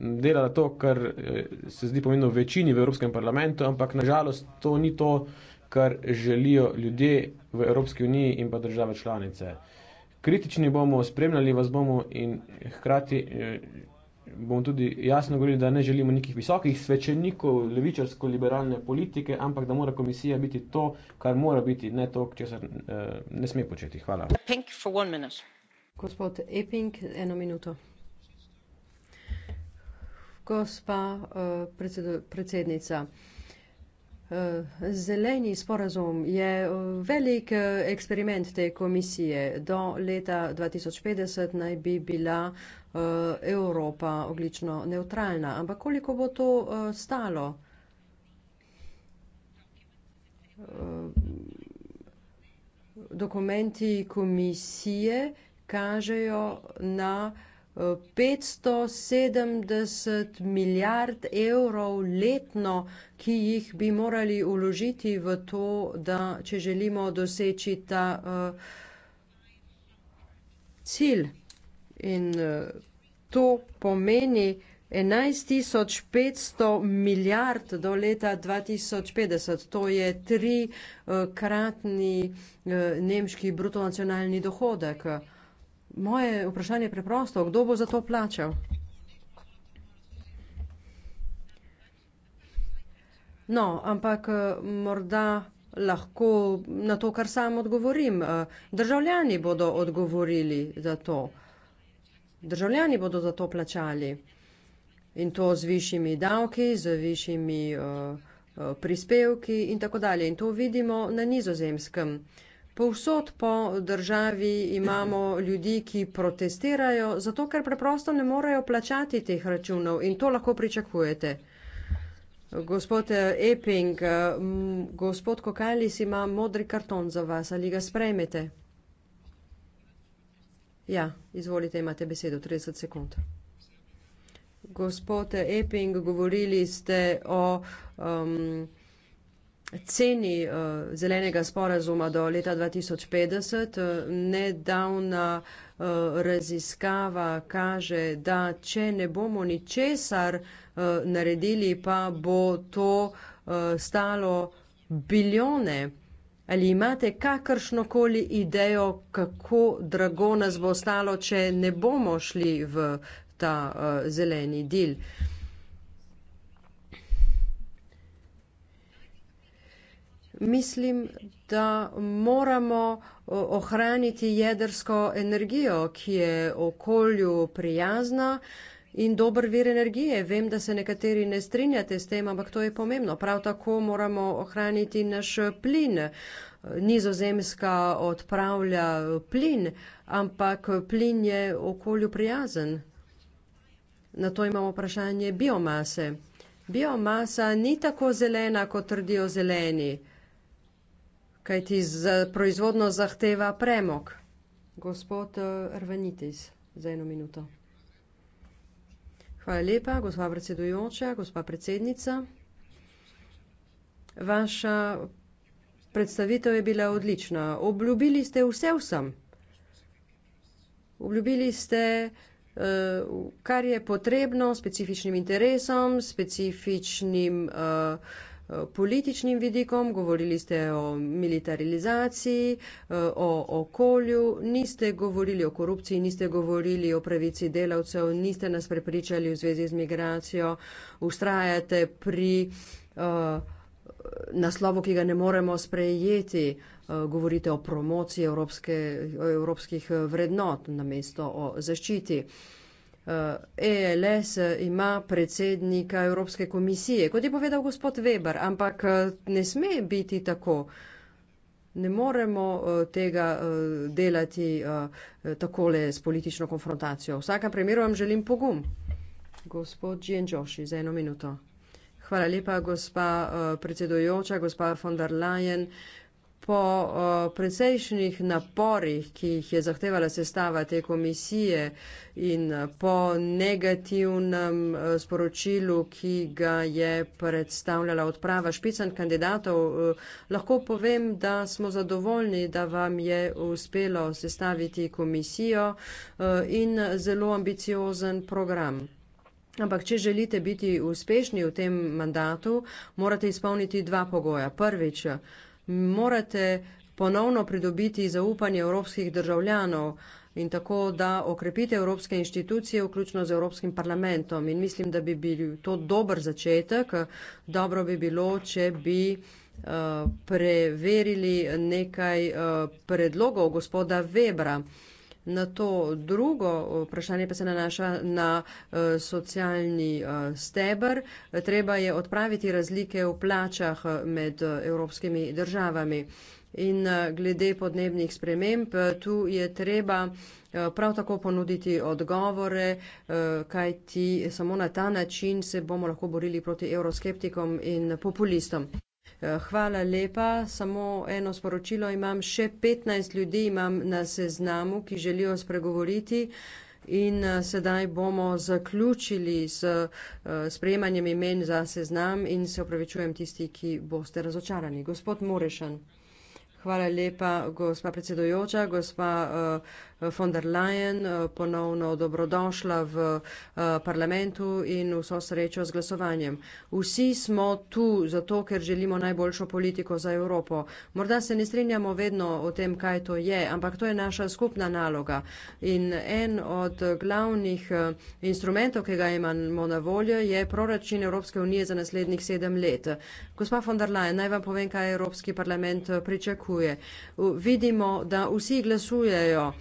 delala to, kar eh, se zdi pomembno v večini v Evropskem parlamentu, ampak nažalost to ni to, kar želijo ljudje v Evropski uniji in pa države članice. Kritični bomo, spremljali vas bomo in hkrati eh, bomo tudi jasno govorili, da ne želimo nekih visokih svečenikov levičarsko-liberalne politike, ampak da mora komisija biti to, kar mora biti, ne to, če se eh, ne sme početi. Hvala. Gospod Eping, eno minuto gospa eh, predsednica. Eh, zeleni sporazum je eh, velik eksperiment te komisije. Do leta 2050 naj bi bila Evropa oglično neutralna. Ampak koliko bo to stalo? Dokumenti komisije kažejo na 570 milijard evrov letno, ki jih bi morali uložiti v to, da če želimo doseči ta cilj. In to pomeni 11.500 milijard do leta 2050. To je trikratni nemški brutonacionalni dohodek. Moje vprašanje je preprosto, kdo bo za to plačal? No, ampak eh, morda lahko na to, kar sam odgovorim. Eh, državljani bodo odgovorili za to. Državljani bodo za to plačali. In to z višjimi davki, z višjimi uh, prispevki in tako dalje. In to vidimo na nizozemskem. Uh, Povsod po državi imamo ljudi, ki protestirajo, zato ker preprosto ne morejo plačati teh računov in to lahko pričakujete. Gospod eh, Eping, eh, gospod Kokalis ima modri karton za vas, ali ga sprejmete? Ja, izvolite, imate besedo, 30 sekund. Gospod eh, Eping, govorili ste o... Um, ceni eh, zelenega sporazuma do leta 2050. Eh, nedavna eh, raziskava kaže, da če ne bomo ničesar naredili, pa bo to stalo bilijone. Ali imate kakršnokoli idejo, kako drago nas bo stalo, če ne bomo šli v ta uh, zeleni del? Uh, mislim, da moramo ohraniti jedrsko energijo, ki je okolju prijazna in dober vir energije. Vem, da se nekateri ne strinjate s tem, ampak to je pomembno. Prav tako moramo ohraniti naš plin. Nizozemska odpravlja plin, ampak plin je okolju prijazen. Na to imamo vprašanje biomase. Biomasa ni tako zelena, kot trdijo zeleni kajti za proizvodno zahteva premog. Gospod eh, Rvenitis, za eno minuto. Hvala lepa, gospa predsedujoča, gospa predsednica. Vaša predstavitev je bila odlična. Obljubili ste vse vsem. Obljubili ste, eh, kar je potrebno, specifičnim interesom, specifičnim uh, političnim vidikom, govorili ste o militarizaciji, eh, o okolju, niste govorili o korupciji, niste govorili o pravici delavcev, niste nas prepričali v zvezi z migracijo, ustrajate pri eh, naslovu, ki ga ne moremo sprejeti, eh, govorite o promociji evropske, evropskih vrednot na mesto o zaščiti. ELS eh, e ima predsednika Evropske komisije, kot je povedal gospod Weber, ampak eh, ne sme biti tako. Ne moremo eh, tega delati takole s politično konfrontacijo. V vsakem primeru vam želim pogum. Gospod Džendžoši, za eno minuto. Hvala lepa, gospa predsedujoča, gospa von der Leyen. Po uh, precejšnjih naporih, ki jih je zahtevala sestava te komisije in po negativnem uh, sporočilu, ki ga je predstavljala odprava špican kandidatov, uh, lahko povem, da smo zadovoljni, da vam je uspelo sestaviti komisijo uh, in zelo ambiciozen program. Ampak, če želite biti uspešni v tem mandatu, morate izpolniti dva pogoja. Prvič, uh, morate ponovno pridobiti zaupanje evropskih državljanov in tako, da okrepite evropske inštitucije, vključno z Evropskim parlamentom. In mislim, da bi bil to dober začetek. Dobro bi bilo, če bi eh, preverili nekaj eh, predlogov gospoda Webra. Na to drugo eh, vprašanje pa se nanaša na eh, socialni eh, stebr. Treba je odpraviti razlike v plačah med evropskimi državami. In glede podnebnih sprememb, tu je treba prav tako ponuditi odgovore, kajti samo na ta način se bomo lahko borili proti evroskeptikom in populistom. Hvala lepa. Samo eno sporočilo imam. Še 15 ljudi imam na seznamu, ki želijo spregovoriti. In eh, sedaj bomo zaključili s eh, sprejemanjem imen za seznam in se opravičujem tisti, ki boste razočarani. Gospod Morešan. Hvala lepa, gospa predsedojoča, gospa uh, von der Leyen eh, ponovno dobrodošla v eh, parlamentu in vso srečo z glasovanjem. Vsi smo tu zato, ker želimo najboljšo politiko za Evropo. Morda se ne strinjamo vedno o tem, kaj to je, ampak to je naša skupna naloga. In en od glavnih eh, instrumentov, ki ga imamo na voljo, je proračun Evropske unije za naslednjih sedem let. Gospa von der Leyen, naj vam povem, kaj Evropski parlament pričakuje. Vidimo, da vsi glasujejo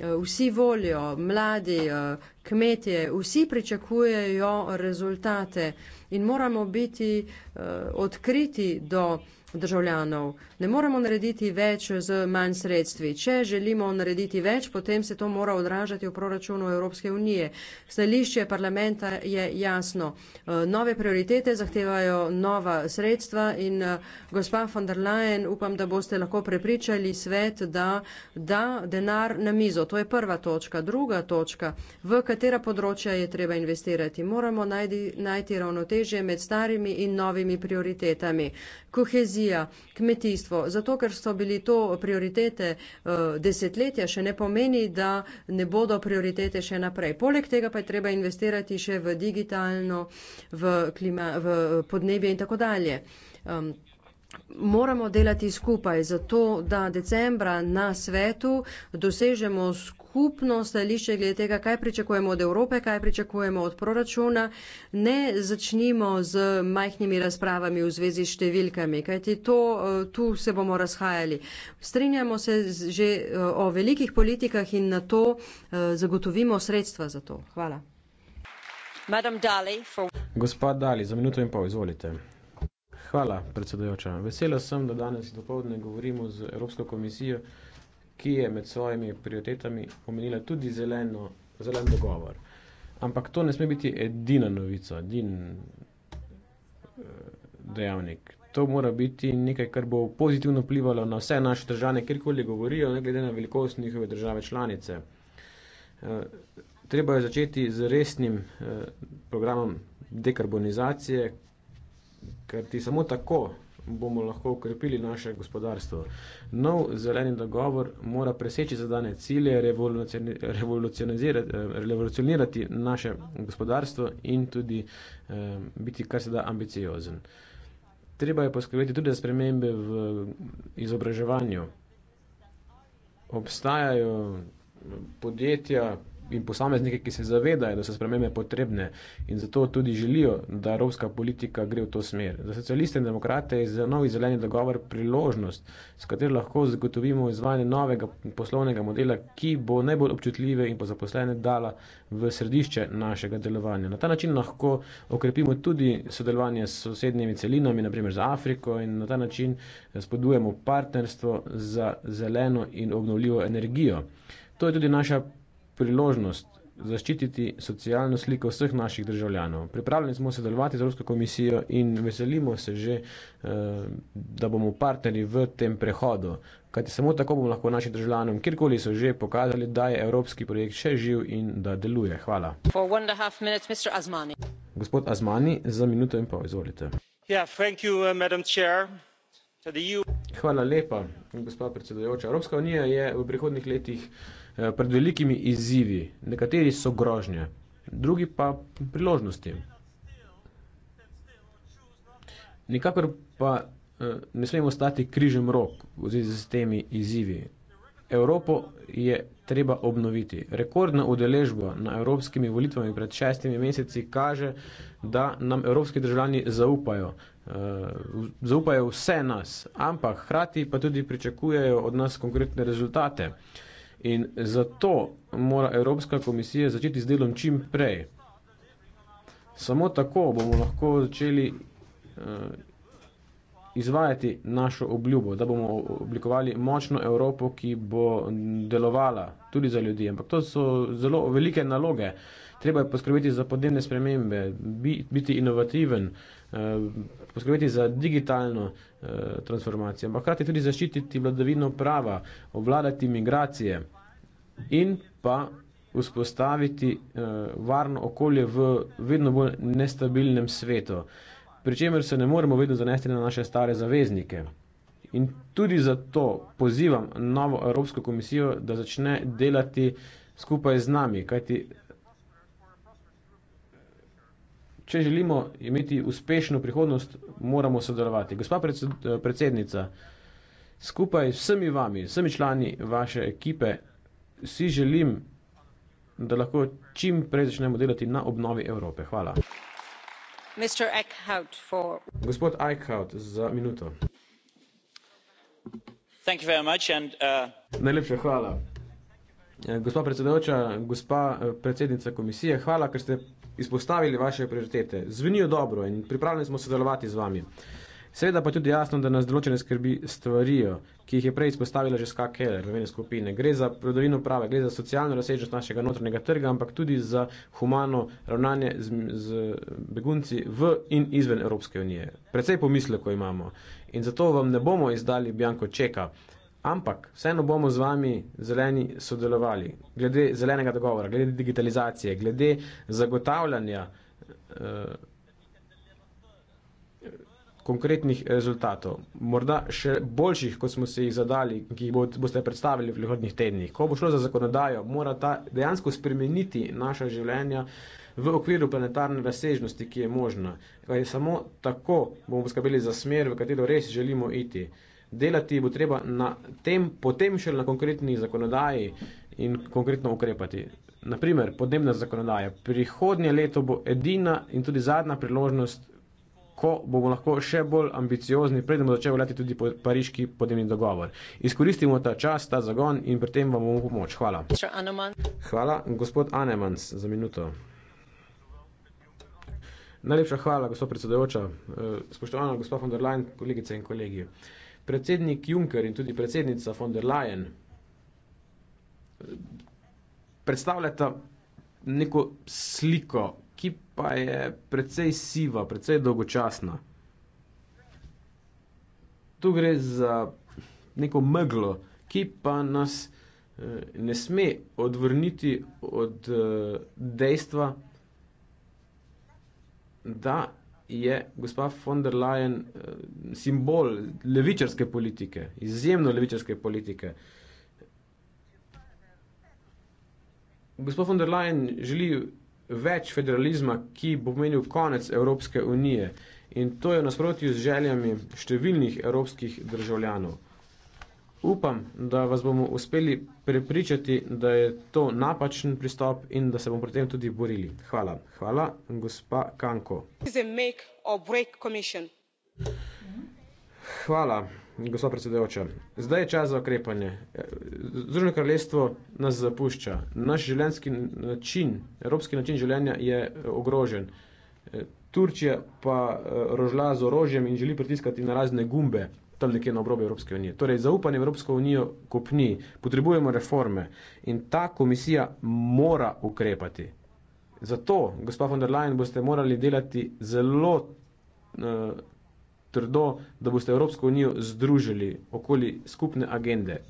Eh, vsi volijo, mladi, eh, kmetje, vsi pričakujejo rezultate in moramo biti uh, odkriti do državljanov. Ne moramo narediti več z manj sredstvi. Če želimo narediti več, potem se to mora odražati v proračunu Evropske unije. Stališče parlamenta je jasno. Eh, nove prioritete zahtevajo nova sredstva in eh, gospa von der Leyen, upam, da boste lahko prepričali svet, da da denar na mizo. To je prva točka. Druga točka, v katera področja je treba investirati. Moramo najdi, najti ravnotežje ravnotežje med starimi in novimi prioritetami. Kohezija, kmetijstvo, zato ker so bili to prioritete eh, desetletja, še ne pomeni, da ne bodo prioritete še naprej. Poleg tega pa je treba investirati še v digitalno, v, klima, v podnebje in tako dalje. Um, moramo delati skupaj, zato da decembra na svetu dosežemo skupno stališče glede tega, kaj pričakujemo od Evrope, kaj pričakujemo od proračuna. Ne začnimo z majhnimi razpravami v zvezi s številkami, kajti to, eh, tu se bomo razhajali. Strinjamo se že eh, o velikih politikah in na to eh, zagotovimo sredstva za to. Hvala. Gospa Dali, za minuto in pol izvolite. Hvala, predsedujoča. Vesela sem, da danes dopoledne govorimo z Evropsko komisijo, ki je med svojimi prioritetami omenila tudi zeleno, zelen dogovor. Ampak to ne sme biti edina novica, edin eh, dejavnik. To mora biti nekaj, kar bo pozitivno vplivalo na vse naše države, kjerkoli govorijo, ne glede na velikost njihove države članice. Eh, treba je začeti z resnim eh, programom dekarbonizacije, ker ti samo tako bomo lahko ukrepili naše gospodarstvo. Nov zeleni dogovor mora preseči zadane cilje, eh, revolucionirati naše gospodarstvo in tudi eh, biti kar se da ambiciozen. Treba je poskrbeti tudi za spremembe v izobraževanju. Obstajajo podjetja, in posameznike, ki se zavedajo, da so spremembe potrebne in zato tudi želijo, da evropska politika gre v to smer. Za socialiste in demokrate je za novi zeleni dogovor priložnost, s katero lahko zagotovimo izvajanje novega poslovnega modela, ki bo najbolj občutljive in pa zaposlene dala v središče našega delovanja. Na ta način lahko okrepimo tudi sodelovanje s sosednjimi celinami, naprimer za Afriko in na ta način spodbujamo partnerstvo za zeleno in obnovljivo energijo. To je tudi naša priložnost zaščititi socialno sliko vseh naših državljanov. Pripravljeni smo sodelovati z Evropsko komisijo in veselimo se že, eh, da bomo partneri v tem prehodu, kajti samo tako bomo lahko našim državljanom, kjerkoli so že pokazali, da je evropski projekt še živ in da deluje. Hvala. Gospod Azmani, za minuto in pol, izvolite. Uh, Hvala lepa, gospod predsedujoča. Evropska unija je v prihodnih letih Eh, pred velikimi izzivi, nekateri so grožnje, drugi pa priložnosti. Nikakor pa eh, ne smemo stati križem rok v zvezi s temi izzivi. Evropo je treba obnoviti. Rekordna udeležba na evropskimi volitvami pred šestimi meseci kaže, da nam evropski državljani zaupajo. Eh, zaupajo vse nas, ampak hrati pa tudi pričakujejo od nas konkretne rezultate. In zato mora Evropska komisija začeti z delom čim prej. Samo tako bomo lahko začeli uh, izvajati našo obljubo, da bomo oblikovali močno Evropo, ki bo delovala tudi za ljudi. Ampak to so zelo velike naloge. Uh, treba je poskrbeti za podnebne spremembe, biti inovativen, eh, poskrbeti za digitalno eh, transformacijo, ampak hkrati tudi zaščititi vladavino prava, obvladati migracije in pa vzpostaviti eh, varno okolje v vedno bolj nestabilnem svetu, pri čemer se ne moremo vedno zanesti na naše stare zaveznike. In tudi zato pozivam novo Evropsko komisijo, da začne delati skupaj z nami, kajti če želimo imeti uspešno prihodnost, moramo sodelovati. Gospa predsednica, skupaj s vsemi vami, s vsemi člani vaše ekipe, si želim, da lahko čim prej začnemo delati na obnovi Evrope. Hvala. For... Gospod Eichhout, za minuto. Thank you very much and, uh... Najlepša hvala. Gospa predsedujoča, gospa predsednica komisije, hvala, ker ste izpostavili vaše prioritete. Zvenijo dobro in pripravljeni smo sodelovati z vami. Seveda pa tudi jasno, da nas določene skrbi stvarijo, ki jih je prej izpostavila že Ska Keller, rovene skupine. Gre za prodovino prave, gre za socialno razsežnost našega notranjega trga, ampak tudi za humano ravnanje z, z begunci v in izven Evropske unije. Predvsej pomisle, ko imamo. In zato vam ne bomo izdali Bjanko Čeka. Ampak vseeno bomo z vami, zeleni, sodelovali glede zelenega dogovora, glede digitalizacije, glede zagotavljanja eh, konkretnih rezultatov, morda še boljših, kot smo se jih zadali, ki jih boste predstavili v prihodnih tednih. Ko bo šlo za zakonodajo, mora ta dejansko spremeniti naša življenja v okviru planetarne razsežnosti, ki je možna. Samo tako bomo poskrbeli za smer, v katero res želimo iti delati bo treba na tem, potem še na konkretni zakonodaji in konkretno ukrepati. Naprimer, podnebna zakonodaja. Prihodnje leto bo edina in tudi zadnja priložnost, ko bomo lahko še bolj ambiciozni, preden bomo začeli vljati tudi po pariški podnebni dogovor. Izkoristimo ta čas, ta zagon in pri tem vam bomo pomoč. Hvala. Hvala, gospod Anemans, za minuto. Najlepša hvala, gospod predsedujoča. Eh, spoštovana gospod von der Leyen, kolegice in kolegi predsednik Juncker in tudi predsednica von der Leyen predstavljata neko sliko, ki pa je precej siva, precej dolgočasna. Tu gre za neko meglo, ki pa nas eh, ne sme odvrniti od eh, dejstva, da je gospa von der Leyen eh, simbol levičarske politike, izjemno levičarske politike. Gospod von der Leyen želi več federalizma, ki bo pomenil konec Evropske unije in to je v nasprotju z željami številnih evropskih državljanov. Upam, da vas bomo uspeli prepričati, da je to napačen pristop in da se bomo pri tem tudi borili. Hvala. Hvala, gospa Kanko. Hvala, gospa predsedujoča. Zdaj je čas za okrepanje. Združeno kraljestvo nas zapušča. Naš življenjski način, evropski način življenja je eh, ogrožen. Eh, Turčija pa eh, rožla z orožjem in želi pritiskati na razne gumbe tam nekje na obrobi Evropske unije. Torej, zaupanje v Evropsko unijo kopni, potrebujemo reforme in ta komisija mora ukrepati. Zato, gospa von der Leyen, boste morali delati zelo uh, trdo, da boste Evropsko unijo združili okoli skupne agende.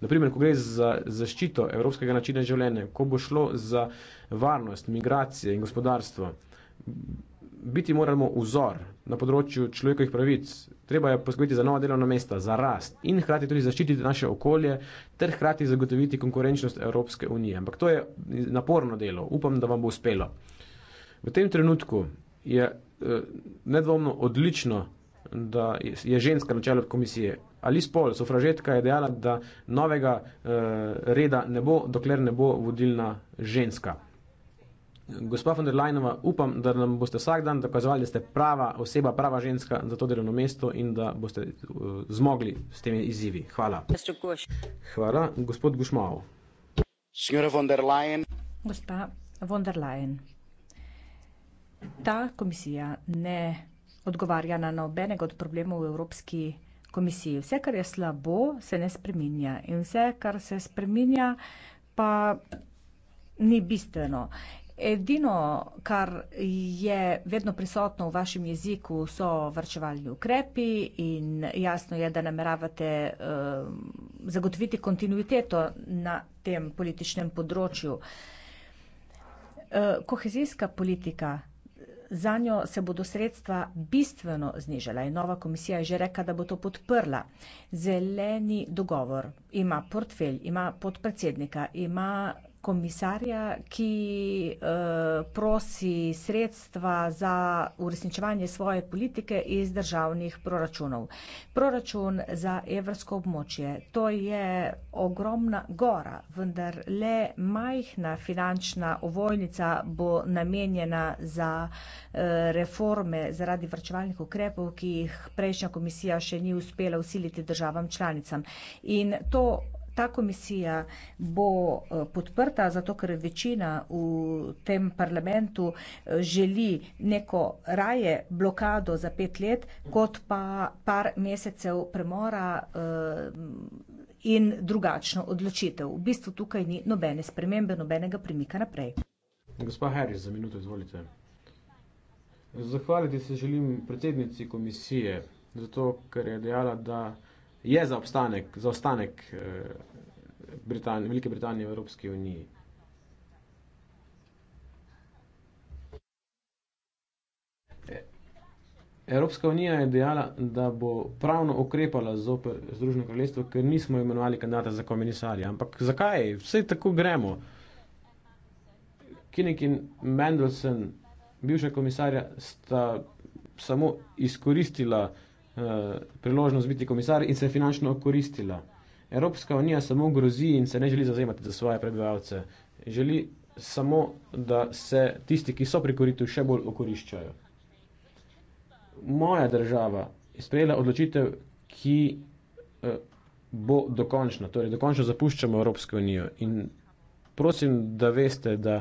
Naprimer, ko gre za zaščito evropskega načina življenja, ko bo šlo za varnost, migracije in gospodarstvo, biti moramo vzor na področju človekovih pravic, treba je poskrbeti za nova delovna mesta, za rast in hkrati tudi zaščititi naše okolje, ter hkrati zagotoviti konkurenčnost Evropske unije. Ampak to je naporno delo, upam, da vam bo uspelo. V tem trenutku je eh, nedvomno odlično, da je ženska na čelu komisije. Alice Paul, sofražetka, je dejala, da novega eh, reda ne bo, dokler ne bo vodilna ženska. Gospa von der Leinova, upam, da nam boste vsak dan dokazovali, da ste prava oseba, prava ženska za to delovno mesto in da boste uh, zmogli s temi izzivi. Hvala. Hvala, gospod Gusmao. Gospa von der Leyen, ta komisija ne odgovarja na nobenega od problemov v Evropski komisiji. Vse, kar je slabo, se ne spreminja in vse, kar se spreminja, pa ni bistveno. Edino, kar je vedno prisotno v vašem jeziku, so vrčevalni ukrepi in jasno je, da nameravate eh, zagotoviti kontinuiteto na tem političnem področju. Eh, kohezijska politika. Za njo se bodo sredstva bistveno znižala in nova komisija je že rekla, da bo to podprla. Zeleni dogovor ima portfelj, ima podpredsednika, ima komisarja, ki uh, prosi sredstva za uresničevanje svoje politike iz državnih proračunov. Proračun za evrsko območje, to je ogromna gora, vendar le majhna finančna ovojnica bo namenjena za uh, reforme zaradi vrčevalnih ukrepov, ki jih prejšnja komisija še ni uspela usiliti državam članicam. In to ta komisija bo eh, podprta, zato ker večina v tem parlamentu eh, želi neko raje blokado za pet let, kot pa par mesecev premora eh, in drugačno odločitev. V bistvu tukaj ni nobene spremembe, nobenega premika naprej. Gospa Harris, za minuto izvolite. Zahvaliti se želim predsednici komisije, zato ker je dejala, da je za obstanek, za ostanek eh, Britanije, Velike Britanije v Evropski uniji. Evropska unija je dejala, da bo pravno ukrepala zoper Združeno kraljestvo, ker nismo imenovali kandidata za komisarja. Ampak zakaj? Vse tako gremo. Kinek in Mendelssohn, bivša komisarja, sta samo izkoristila. Eh, priložnost biti komisar in se je finančno okoristila. Evropska unija samo grozi in se ne želi zazemati za svoje prebivalce. Želi samo, da se tisti, ki so pri koritu, še bolj okoriščajo. Moja država je sprejela odločitev, ki eh, bo dokončna. Torej, dokončno zapuščamo Evropsko unijo. In prosim, da veste, da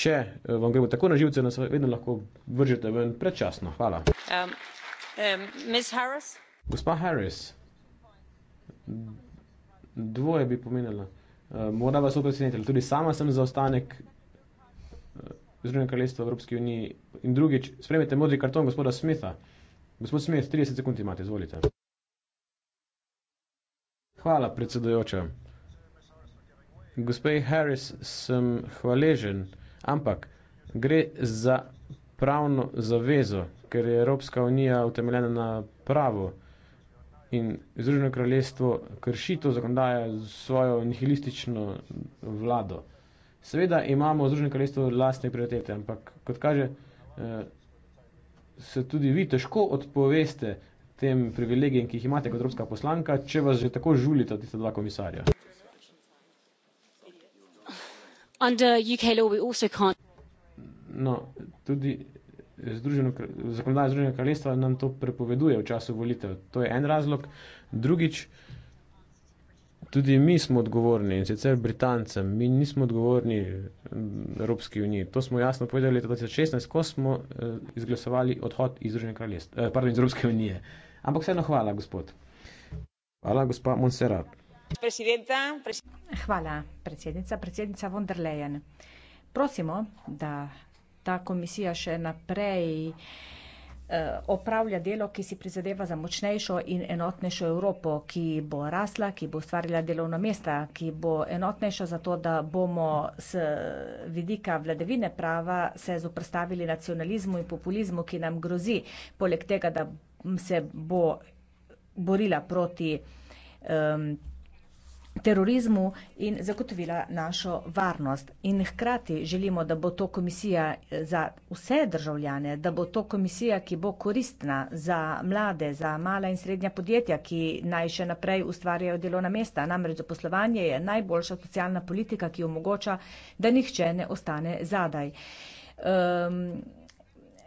če eh, vam gremo tako na živce, nas vedno lahko vržete ven predčasno. Hvala. Um. Um, Gospa Harris, dvoje bi pomenila. Uh, morda vas bo presenetilo. Tudi sama sem za ostanek uh, Združenega kraljestva v Evropski uniji. In drugič, spremete modri karton gospoda Smitha. Gospod Smith, 30 sekund imate, izvolite. Hvala, predsedojoča. Gospej Harris sem hvaležen, ampak gre za pravno zavezo, ker je Evropska unija utemeljena na pravu in Združeno kraljestvo krši to zakonodajo z svojo nihilistično vlado. Seveda imamo Združeno kraljestvo lastne prioritete, ampak kot kaže, eh, se tudi vi težko odpoveste tem privilegijem, ki jih imate kot evropska poslanka, če vas že tako žulita tista dva komisarja. Under UK law we also can't... No, tudi Združeno, zakonodaj Združenega kraljestva nam to prepoveduje v času volitev. To je en razlog. Drugič, tudi mi smo odgovorni in sicer Britancem, mi nismo odgovorni mm, Evropski uniji. To smo jasno povedali leta 2016, ko smo eh, izglasovali odhod iz, eh, pardon, iz Evropske unije. Ampak vseeno hvala, gospod. Hvala, gospa Monserrat. Presidenta, presi... Hvala, predsednica. Predsednica von der Leyen. Prosimo, da ta komisija še naprej eh, opravlja delo, ki si prizadeva za močnejšo in enotnejšo Evropo, ki bo rasla, ki bo ustvarila delovno mesta, ki bo enotnejša zato, da bomo z vidika vladavine prava se zoprstavili nacionalizmu in populizmu, ki nam grozi, poleg tega, da se bo borila proti um, terorizmu in zagotovila našo varnost. In hkrati želimo, da bo to komisija eh, za vse državljane, da bo to komisija, ki bo koristna za mlade, za mala in srednja podjetja, ki naj še naprej ustvarjajo delovna mesta. Namreč zaposlovanje je najboljša socialna politika, ki omogoča, da nihče ne ostane zadaj. Um,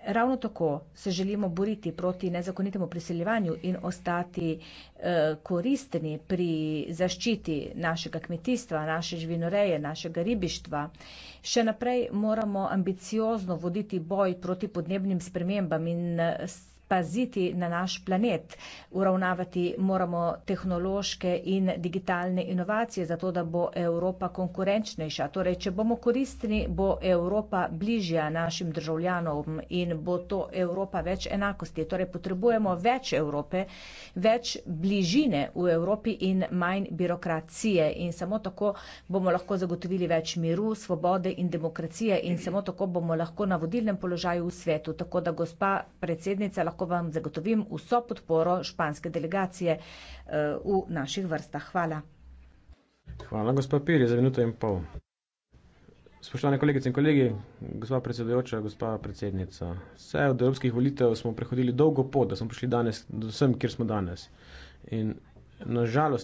Ravno tako se želimo boriti proti nezakonitemu priseljevanju in ostati eh, koristni pri zaščiti našega kmetijstva, naše živinoreje, našega ribištva. Še naprej moramo ambiciozno voditi boj proti podnebnim spremembam in s eh, paziti na naš planet. Uravnavati moramo tehnološke in digitalne inovacije, zato da bo Evropa konkurenčnejša. Torej, če bomo koristni, bo Evropa bližja našim državljanom in bo to Evropa več enakosti. Torej, potrebujemo več Evrope, več bližine v Evropi in manj birokracije. In samo tako bomo lahko zagotovili več miru, svobode in demokracije in samo tako bomo lahko na vodilnem položaju v svetu. Tako da, gospa predsednica, lahko lahko vam zagotovim vso podporo španske delegacije eh, v naših vrstah. Hvala. Hvala, gospod Piri, za minuto in pol. Spoštovane kolegice in kolegi, gospa predsedujoča, gospa predsednica, vse od evropskih volitev smo prehodili dolgo pot, da smo prišli danes do sem, kjer smo danes. In na žalost.